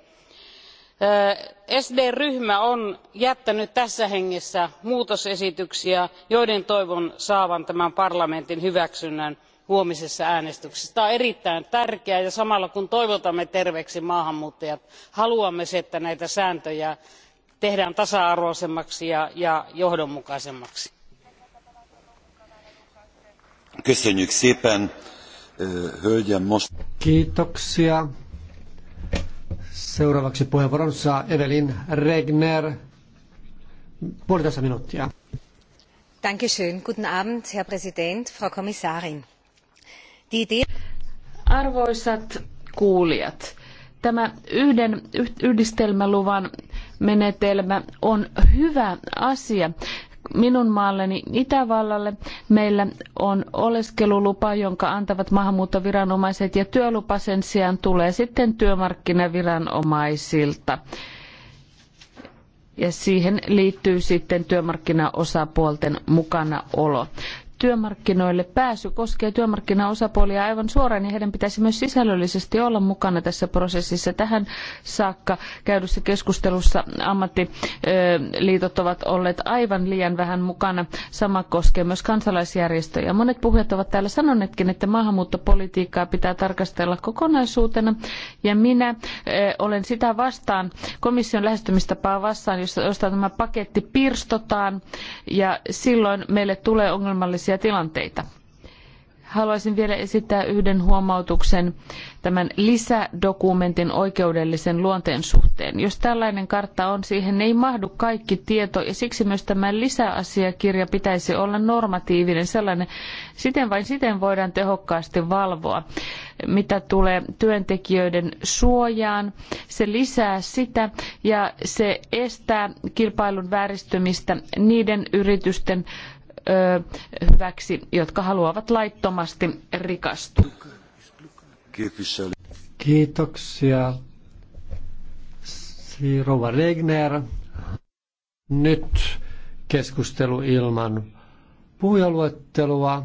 sd ryhmä on jättänyt tässä hengessä muutosesityksiä joiden toivon saavan tämän parlamentin hyväksynnän huomisessa äänestyksessä. tämä on erittäin tärkeää ja samalla kun toivotamme terveeksi maahanmuuttajat haluamme että näitä sääntöjä tehdään tasa arvoisemmiksi ja johdonmukaisemmiksi. Kiitoksia. Seuraavaksi puheenvuoron saa Evelin Regner. Puolitoista minuuttia. Dankeschön. Guten Abend, Herr Präsident, Frau Kommissarin. Die Idee... Arvoisat kuulijat, tämä yhden yhdistelmäluvan menetelmä on hyvä asia minun maalleni Itävallalle meillä on oleskelulupa, jonka antavat maahanmuuttoviranomaiset ja työlupa sen sijaan tulee sitten työmarkkinaviranomaisilta. Ja siihen liittyy sitten työmarkkinaosapuolten mukanaolo työmarkkinoille pääsy koskee työmarkkinaosapuolia aivan suoraan ja niin heidän pitäisi myös sisällöllisesti olla mukana tässä prosessissa. Tähän saakka käydyssä keskustelussa ammattiliitot ovat olleet aivan liian vähän mukana. Sama koskee myös kansalaisjärjestöjä. Monet puhujat ovat täällä sanoneetkin, että maahanmuuttopolitiikkaa pitää tarkastella kokonaisuutena ja minä eh, olen sitä vastaan, komission lähestymistapaa vastaan, josta tämä paketti pirstotaan ja silloin meille tulee ongelmallisia tällaisia tilanteita. Haluaisin vielä esittää yhden huomautuksen tämän lisädokumentin oikeudellisen luonteen suhteen. Jos tällainen kartta on, siihen ei mahdu kaikki tieto ja siksi myös tämä lisäasiakirja pitäisi olla normatiivinen sellainen. Siten vain siten voidaan tehokkaasti valvoa. Mitä tulee työntekijöiden suojaan, se lisää sitä ja se estää kilpailun vääristymistä niiden yritysten hyväksi, jotka haluavat laittomasti rikastua. Kiitoksia. Rouva Regner. Nyt keskustelu ilman puhujaluettelua.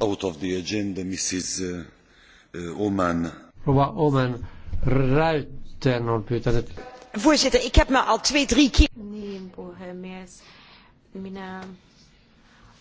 Out of the agenda, Mrs. Uh, uh, Oman. Rova Oman Räytten on pyytänyt Voorzitter, ik heb me al twee, drie keer... Niin, puhemies. Minä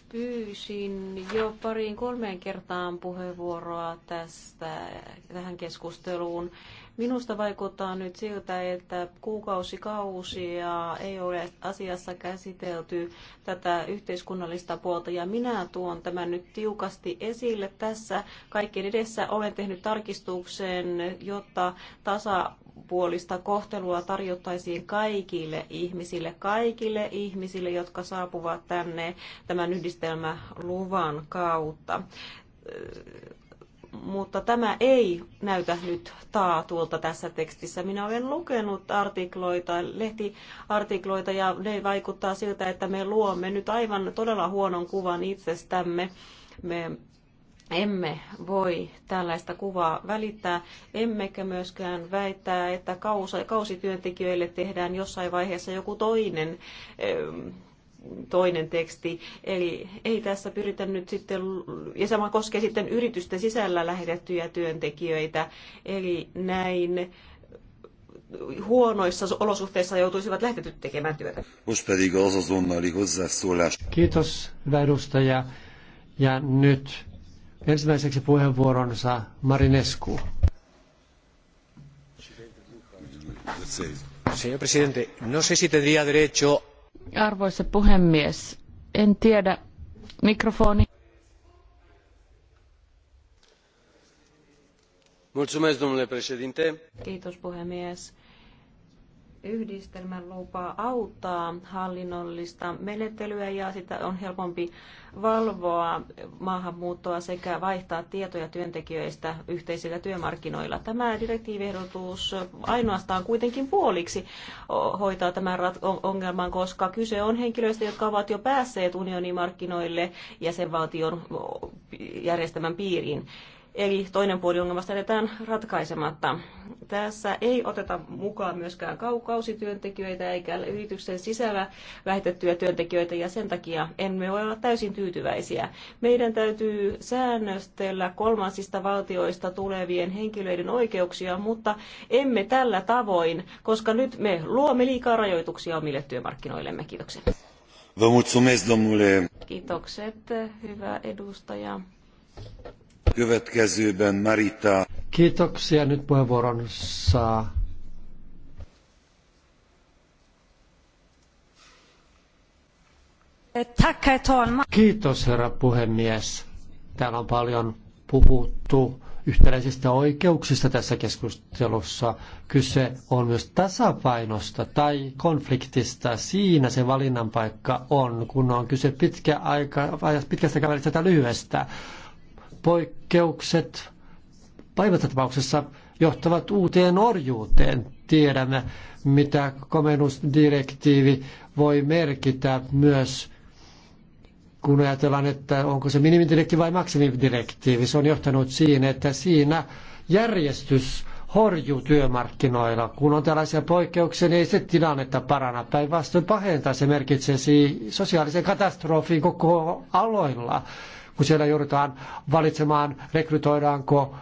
pyysin jo pariin kolmeen kertaan puheenvuoroa tästä, tähän keskusteluun. Minusta vaikuttaa nyt siltä, että kuukausikausia ei ole asiassa käsitelty tätä yhteiskunnallista puolta ja minä tuon tämän nyt tiukasti esille tässä. Kaikkien edessä olen tehnyt tarkistuksen, jotta tasa tasapuolista kohtelua tarjottaisiin kaikille ihmisille, kaikille ihmisille, jotka saapuvat tänne tämän yhdistelmäluvan kautta mutta tämä ei näytä nyt taatulta tässä tekstissä. Minä olen lukenut artikloita, lehtiartikloita ja ne vaikuttaa siltä, että me luomme nyt aivan todella huonon kuvan itsestämme. Me emme voi tällaista kuvaa välittää, emmekä myöskään väittää, että kausityöntekijöille tehdään jossain vaiheessa joku toinen toinen teksti. Eli ei tässä pyritä nyt sitten, ja sama koskee sitten yritysten sisällä lähetettyjä työntekijöitä, eli näin huonoissa olosuhteissa joutuisivat lähetetyt tekemään työtä. Kiitos, hyvä edustaja. Ja nyt Ensimmäiseksi puheenvuoronsa Marinescu. Señor presidente, no sé si tendría derecho... Arvoisa puhemies, en tiedä. Mikrofoni. Mulțumesc, domnule președinte. Kiitos puhemies yhdistelmän lupaa auttaa hallinnollista menettelyä ja sitä on helpompi valvoa maahanmuuttoa sekä vaihtaa tietoja työntekijöistä yhteisillä työmarkkinoilla. Tämä direktiiviehdotus ainoastaan kuitenkin puoliksi hoitaa tämän ongelman, koska kyse on henkilöistä, jotka ovat jo päässeet unionin markkinoille jäsenvaltion järjestelmän piiriin. Eli toinen puoli ongelmasta edetään ratkaisematta. Tässä ei oteta mukaan myöskään kaukausityöntekijöitä eikä yrityksen sisällä lähetettyjä työntekijöitä ja sen takia emme voi olla täysin tyytyväisiä. Meidän täytyy säännöstellä kolmansista valtioista tulevien henkilöiden oikeuksia, mutta emme tällä tavoin, koska nyt me luomme liikaa rajoituksia omille työmarkkinoillemme. Kiitoksia. Kiitokset, hyvä edustaja. Következőben Marita. Kiitoksia. Nyt puheenvuoron saa Kiitos herra puhemies. Täällä on paljon puhuttu yhtäläisistä oikeuksista tässä keskustelussa. Kyse on myös tasapainosta tai konfliktista. Siinä se valinnan paikka on, kun on kyse pitkä aika, pitkästä kävelystä tai lyhyestä poikkeukset pahimmassa tapauksessa johtavat uuteen orjuuteen. Tiedämme, mitä komennusdirektiivi voi merkitä myös kun ajatellaan, että onko se minimidirektiivi vai maksimidirektiivi, se on johtanut siihen, että siinä järjestys horjuu työmarkkinoilla. Kun on tällaisia poikkeuksia, niin ei se tilannetta parana. Päinvastoin pahentaa se merkitsee sosiaalisen katastrofin koko aloilla kun siellä joudutaan valitsemaan, rekrytoidaanko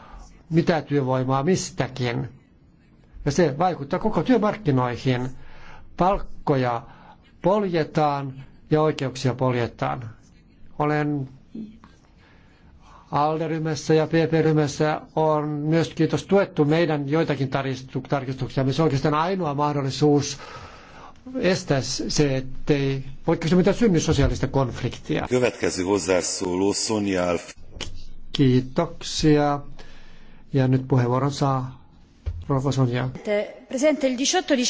mitä työvoimaa mistäkin. Ja se vaikuttaa koko työmarkkinoihin. Palkkoja poljetaan ja oikeuksia poljetaan. Olen Alderymässä ja PP-ryhmässä on myös kiitos tuettu meidän joitakin tarkistuksia, missä oikeastaan ainoa mahdollisuus estää se, ettei poikkeuksista synny sosiaalista konfliktia. Követkäsi hozzászóló Sonja Kiitoksia. Ja nyt puheenvuoron saa Rova Sonja.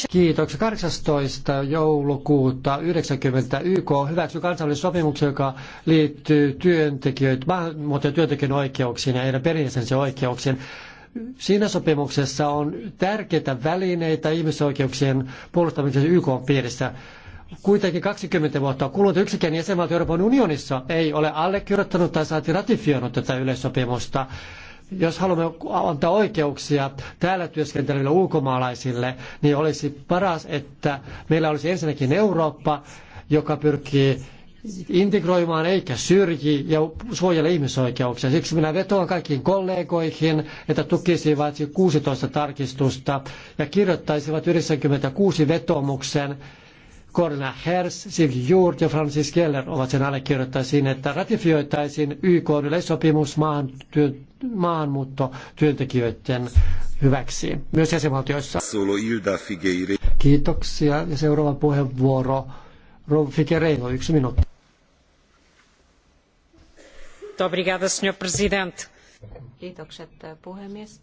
Kiitoksia. 18. joulukuuta 90 YK hyväksyi kansallisen sopimuksen, joka liittyy työntekijöiden, maahanmuuttajien työntekijöiden oikeuksiin ja heidän perheensä oikeuksiin. Siinä sopimuksessa on tärkeitä välineitä ihmisoikeuksien puolustamiseksi YK piirissä. Kuitenkin 20 vuotta kulunut yksikään jäsenvaltio Euroopan unionissa ei ole allekirjoittanut tai saati ratifioinut tätä yleissopimusta jos haluamme antaa oikeuksia täällä työskenteleville ulkomaalaisille, niin olisi paras, että meillä olisi ensinnäkin Eurooppa, joka pyrkii integroimaan eikä syrji ja suojele ihmisoikeuksia. Siksi minä vetoan kaikkiin kollegoihin, että tukisivat 16 tarkistusta ja kirjoittaisivat 96 vetomuksen. Corina Hers, Siv Juurt ja Francis Keller ovat sen allekirjoittaisiin, että ratifioitaisiin YK yleissopimus maahanmuuttotyöntekijöiden hyväksi, myös jäsenvaltioissa. Kiitoksia ja seuraava puheenvuoro Rouva Figueiredo, yksi minuutti. Kiitokset eh, puhemies.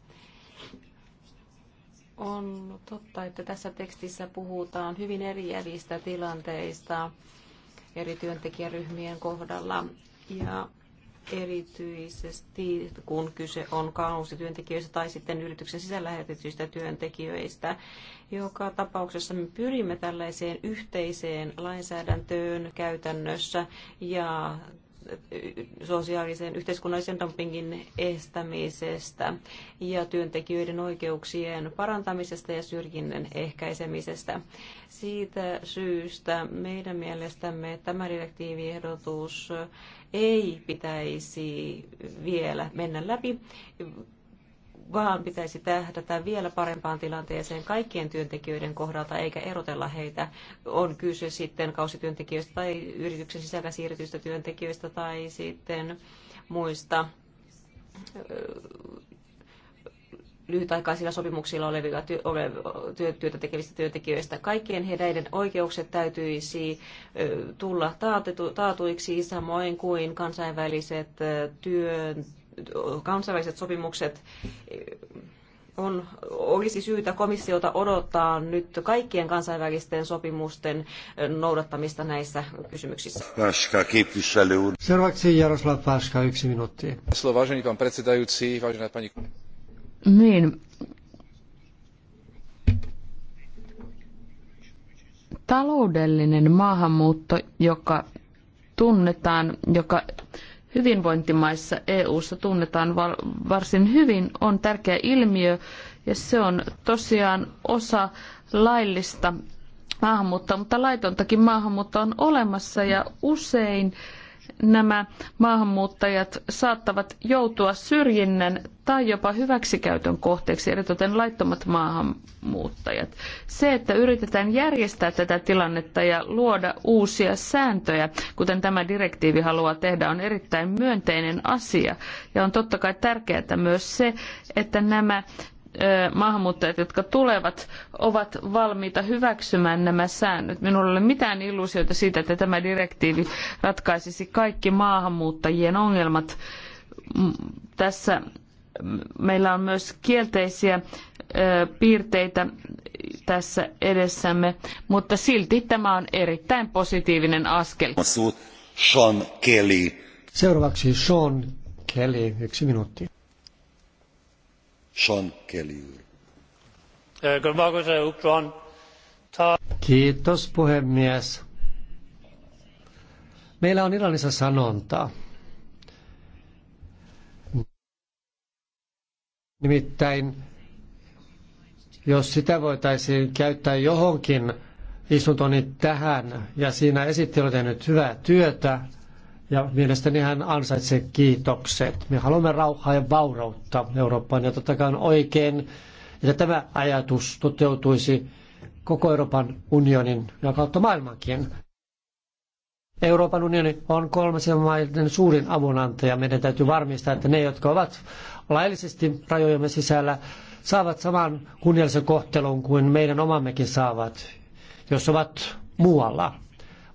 On totta, että tässä tekstissä puhutaan hyvin eriävistä tilanteista eri työntekijäryhmien kohdalla ja erityisesti kun kyse on kausityöntekijöistä tai sitten yrityksen sisällä lähetetyistä työntekijöistä. Joka tapauksessa me pyrimme tällaiseen yhteiseen lainsäädäntöön käytännössä ja sosiaalisen yhteiskunnallisen dumpingin estämisestä ja työntekijöiden oikeuksien parantamisesta ja syrjinnän ehkäisemisestä. Siitä syystä meidän mielestämme tämä direktiiviehdotus ei pitäisi vielä mennä läpi vaan pitäisi tähdätä vielä parempaan tilanteeseen kaikkien työntekijöiden kohdalta, eikä erotella heitä. On kyse sitten kausityöntekijöistä tai yrityksen sisällä siirrytyistä työntekijöistä tai sitten muista lyhytaikaisilla sopimuksilla olevilla työtä tekevistä työntekijöistä. Kaikkien heidän oikeukset täytyisi tulla taatuiksi samoin kuin kansainväliset työn kansainväliset sopimukset on, olisi syytä komissiota odottaa nyt kaikkien kansainvälisten sopimusten noudattamista näissä kysymyksissä. Paska, Seuraavaksi Jaroslav Paska, yksi minuutti. Vážený pán predsedajúci, vážená pani... Niin. Taloudellinen maahanmuutto, joka tunnetaan, joka hyvinvointimaissa EU:ssa tunnetaan varsin hyvin, on tärkeä ilmiö ja se on tosiaan osa laillista maahanmuuttoa, mutta laitontakin maahanmuuttoa on olemassa ja usein nämä maahanmuuttajat saattavat joutua syrjinnän tai jopa hyväksikäytön kohteeksi, eritoten laittomat maahanmuuttajat. Se, että yritetään järjestää tätä tilannetta ja luoda uusia sääntöjä, kuten tämä direktiivi haluaa tehdä, on erittäin myönteinen asia. Ja on totta kai tärkeää myös se, että nämä maahanmuuttajat, jotka tulevat, ovat valmiita hyväksymään nämä säännöt. Minulla ei ole mitään illuusioita siitä, että tämä direktiivi ratkaisisi kaikki maahanmuuttajien ongelmat. Tässä meillä on myös kielteisiä piirteitä tässä edessämme, mutta silti tämä on erittäin positiivinen askel. Sean Kelly. Seuraavaksi Sean Kelly, yksi minuutti. Kiitos puhemies. Meillä on Iranissa sanonta. Nimittäin, jos sitä voitaisiin käyttää johonkin istuntoon, niin tähän, ja siinä esittely on tehnyt hyvää työtä, ja mielestäni hän ansaitsee kiitokset. Me haluamme rauhaa ja vaurautta Eurooppaan ja totta kai on oikein, että tämä ajatus toteutuisi koko Euroopan unionin ja kautta maailmankin. Euroopan unioni on kolmansien maiden suurin avunantaja. Meidän täytyy varmistaa, että ne, jotka ovat laillisesti rajojemme sisällä, saavat saman kunniallisen kohtelun kuin meidän omammekin saavat, jos ovat muualla.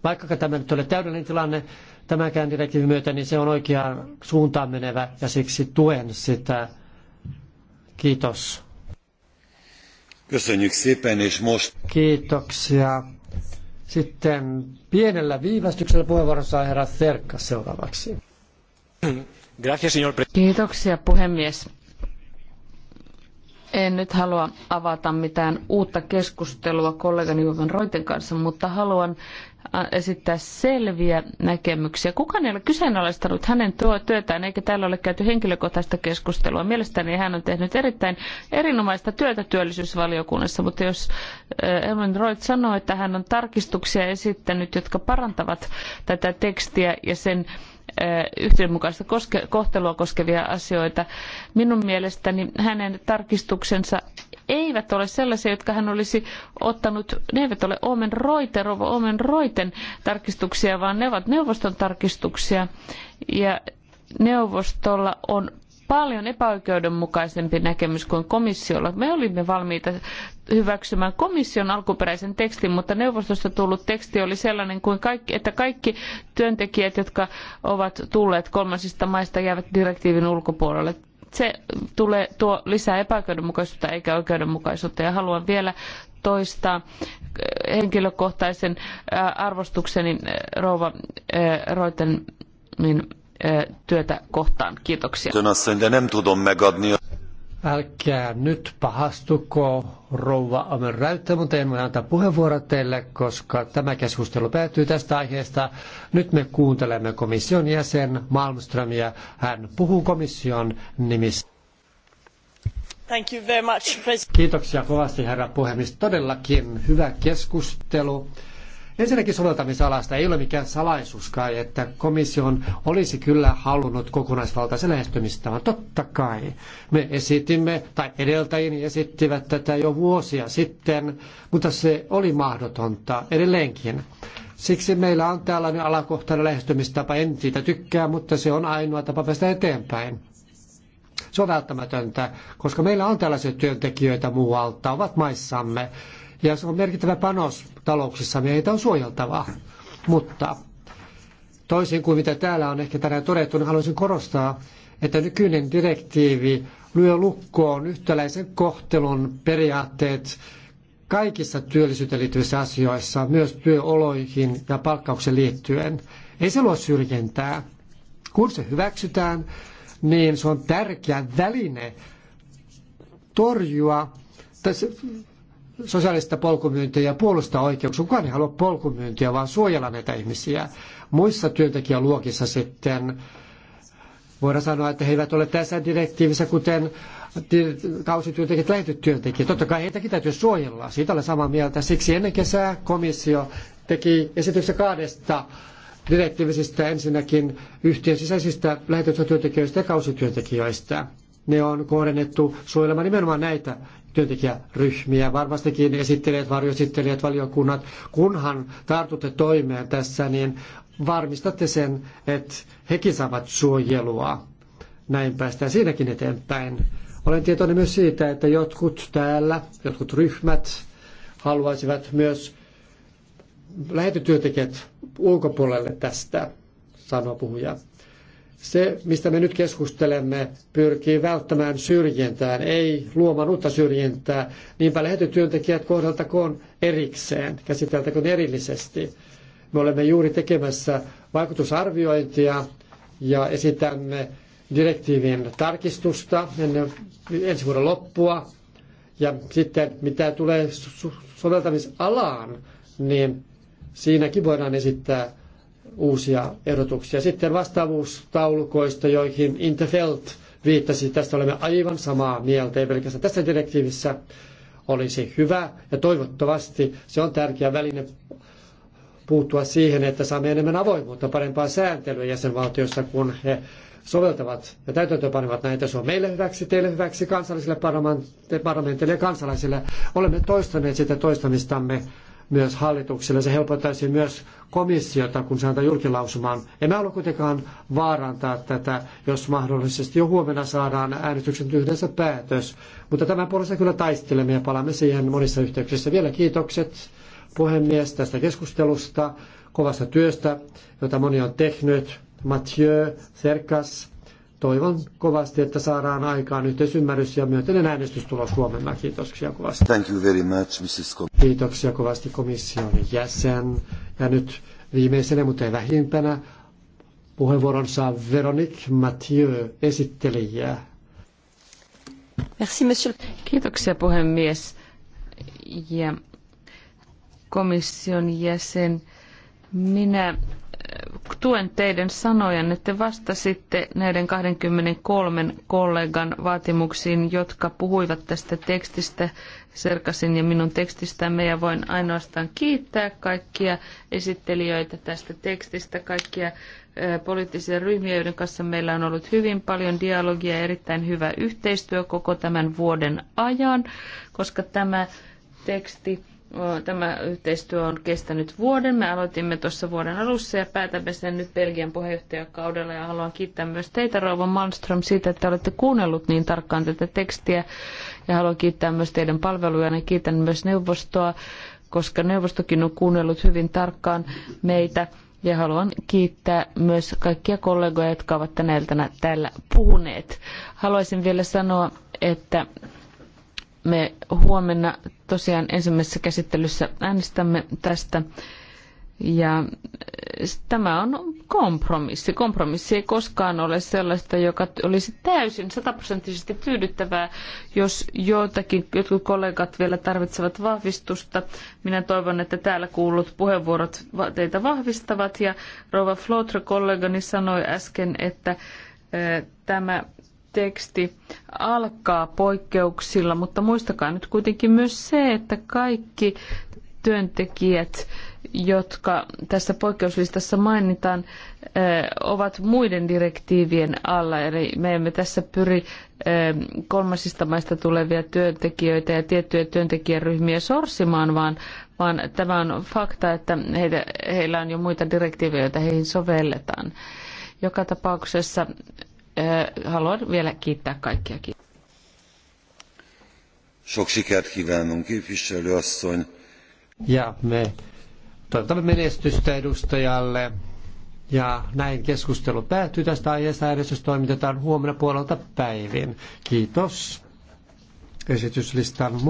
Vaikka tämä nyt ole täydellinen tilanne, tämänkään direktiivin myötä, niin se on oikeaan suuntaan menevä ja siksi tuen sitä. Kiitos. Köszönjük szépen, és most... Kiitoksia. Sitten pienellä viivästyksellä puheenvuoron saa herra Serkka seuraavaksi. Kiitoksia puhemies. En nyt halua avata mitään uutta keskustelua kollegani Juven Roiten kanssa, mutta haluan esittää selviä näkemyksiä. Kukaan ei ole kyseenalaistanut hänen työtään, eikä täällä ole käyty henkilökohtaista keskustelua. Mielestäni hän on tehnyt erittäin erinomaista työtä työllisyysvaliokunnassa, mutta jos Elman Roit sanoo, että hän on tarkistuksia esittänyt, jotka parantavat tätä tekstiä ja sen yhdenmukaista kohtelua koskevia asioita. Minun mielestäni hänen tarkistuksensa eivät ole sellaisia, jotka hän olisi ottanut, ne eivät ole Omen Reuter, Omen Reuten tarkistuksia, vaan ne ovat neuvoston tarkistuksia. Ja neuvostolla on paljon epäoikeudenmukaisempi näkemys kuin komissiolla. Me olimme valmiita hyväksymään komission alkuperäisen tekstin, mutta neuvostosta tullut teksti oli sellainen, kuin kaikki, että kaikki työntekijät, jotka ovat tulleet kolmansista maista, jäävät direktiivin ulkopuolelle se tulee tuo lisää epäoikeudenmukaisuutta eikä oikeudenmukaisuutta. Ja haluan vielä toistaa henkilökohtaisen arvostukseni rouva Reutenin työtä kohtaan. Kiitoksia. Älkää nyt pahastuko rouva Amen Räyttä, mutta en voi antaa puheenvuoro teille, koska tämä keskustelu päättyy tästä aiheesta. Nyt me kuuntelemme komission jäsen Malmströmiä. Hän puhuu komission nimissä. Thank you very much, Kiitoksia kovasti, herra puhemies. Todellakin hyvä keskustelu. Ensinnäkin soveltamisalasta ei ole mikään salaisuuskaan, että komission olisi kyllä halunnut kokonaisvaltaisen lähestymistavan. Totta kai me esitimme, tai edeltäjini esittivät tätä jo vuosia sitten, mutta se oli mahdotonta edelleenkin. Siksi meillä on tällainen alakohtainen lähestymistapa. En siitä tykkää, mutta se on ainoa tapa päästä eteenpäin. Se on välttämätöntä, koska meillä on tällaisia työntekijöitä muualta, ovat maissamme ja se on merkittävä panos talouksissa, meitä on suojeltava. Mutta toisin kuin mitä täällä on ehkä tänään todettu, niin haluaisin korostaa, että nykyinen direktiivi lyö lukkoon yhtäläisen kohtelun periaatteet kaikissa työllisyyteen liittyvissä asioissa, myös työoloihin ja palkkaukseen liittyen. Ei se luo syrjintää. Kun se hyväksytään, niin se on tärkeä väline torjua sosiaalista polkumyyntiä ja puolustaa oikeuksia. Kukaan ei halua polkumyyntiä, vaan suojella näitä ihmisiä. Muissa työntekijäluokissa sitten voidaan sanoa, että he eivät ole tässä direktiivissä, kuten kausityöntekijät, lähetetyöntekijät. Totta kai heitäkin täytyy suojella. Siitä olen samaa mieltä. Siksi ennen kesää komissio teki esityksen kahdesta direktiivisistä ensinnäkin yhtiön sisäisistä lähetetyistä työntekijöistä ja kausityöntekijöistä. Ne on kohdennettu suojelemaan nimenomaan näitä työntekijäryhmiä, varmastikin esittelijät, varjoesittelijät, valiokunnat, kunhan tartutte toimeen tässä, niin varmistatte sen, että hekin saavat suojelua. Näin päästään siinäkin eteenpäin. Olen tietoinen myös siitä, että jotkut täällä, jotkut ryhmät haluaisivat myös lähetetyöntekijät ulkopuolelle tästä, sanoo puhuja. Se, mistä me nyt keskustelemme, pyrkii välttämään syrjintään, ei luomaan uutta syrjintää. Niinpä lähetetyöntekijät kohdeltakoon erikseen, käsiteltäkoon erillisesti. Me olemme juuri tekemässä vaikutusarviointia ja esitämme direktiivin tarkistusta ennen ensi vuoden loppua. Ja sitten mitä tulee soveltamisalaan, niin siinäkin voidaan esittää uusia ehdotuksia. Sitten vastaavuustaulukoista, joihin Interfelt viittasi, tästä olemme aivan samaa mieltä, ei pelkästään tässä direktiivissä olisi hyvä ja toivottavasti se on tärkeä väline puuttua siihen, että saamme enemmän avoimuutta, parempaa sääntelyä jäsenvaltioissa, kun he soveltavat ja täytäntöönpanevat näitä. Se on meille hyväksi, teille hyväksi, kansallisille parlamentille ja kansalaisille. Olemme toistaneet sitä toistamistamme myös hallitukselle. Se helpottaisi myös komissiota, kun se antaa julkilausumaan. Emme halua kuitenkaan vaarantaa tätä, jos mahdollisesti jo huomenna saadaan äänestyksen yhdessä päätös. Mutta tämän puolesta kyllä taistelemme ja palaamme siihen monissa yhteyksissä. Vielä kiitokset puhemies tästä keskustelusta, kovasta työstä, jota moni on tehnyt. Mathieu, Serkas, toivon kovasti, että saadaan aikaan yhteisymmärrys ja myönteinen äänestystulos huomenna. Kiitoksia kovasti. Thank you very much, Mrs. Com- Kiitoksia kovasti komission jäsen. Ja nyt viimeisenä, mutta ei vähimpänä, puheenvuoron saa Veronique Mathieu, esittelijä. Merci, monsieur. Kiitoksia puhemies. Ja komission jäsen, minä tuen teidän sanojanne. Te vastasitte näiden 23 kollegan vaatimuksiin, jotka puhuivat tästä tekstistä, Serkasin ja minun tekstistämme, ja voin ainoastaan kiittää kaikkia esittelijöitä tästä tekstistä, kaikkia poliittisia ryhmiä, joiden kanssa meillä on ollut hyvin paljon dialogia ja erittäin hyvä yhteistyö koko tämän vuoden ajan, koska tämä teksti Tämä yhteistyö on kestänyt vuoden. Me aloitimme tuossa vuoden alussa ja päätämme sen nyt Belgian puheenjohtajakaudella. Ja haluan kiittää myös teitä, Rouva Malmström, siitä, että olette kuunnellut niin tarkkaan tätä tekstiä. Ja haluan kiittää myös teidän palvelujanne. Kiitän myös neuvostoa, koska neuvostokin on kuunnellut hyvin tarkkaan meitä. Ja haluan kiittää myös kaikkia kollegoja, jotka ovat tänä iltana täällä puhuneet. Haluaisin vielä sanoa, että me huomenna tosiaan ensimmäisessä käsittelyssä äänestämme tästä. Ja eh, tämä on kompromissi. Kompromissi ei koskaan ole sellaista, joka olisi täysin sataprosenttisesti tyydyttävää, jos joitakin, jotkut kollegat vielä tarvitsevat vahvistusta. Minä toivon, että täällä kuullut puheenvuorot teitä vahvistavat. Ja Rova Flotre kollegani sanoi äsken, että eh, tämä teksti alkaa poikkeuksilla, mutta muistakaa nyt kuitenkin myös se, että kaikki työntekijät, jotka tässä poikkeuslistassa mainitaan, ovat muiden direktiivien alla. Eli me emme tässä pyri kolmasista maista tulevia työntekijöitä ja tiettyjä työntekijäryhmiä sorsimaan, vaan, vaan tämä on fakta, että heillä on jo muita direktiivejä, joita heihin sovelletaan. Joka tapauksessa haluan vielä kiittää kaikkia. Sok sikert kívánunk, képviselőasszony. Ja me toivotamme menestystä edustajalle. Ja näin keskustelu päättyy tästä aiheesta. Äänestys toimitetaan huomenna puolelta päivin. Kiitos esityslistan mukaan.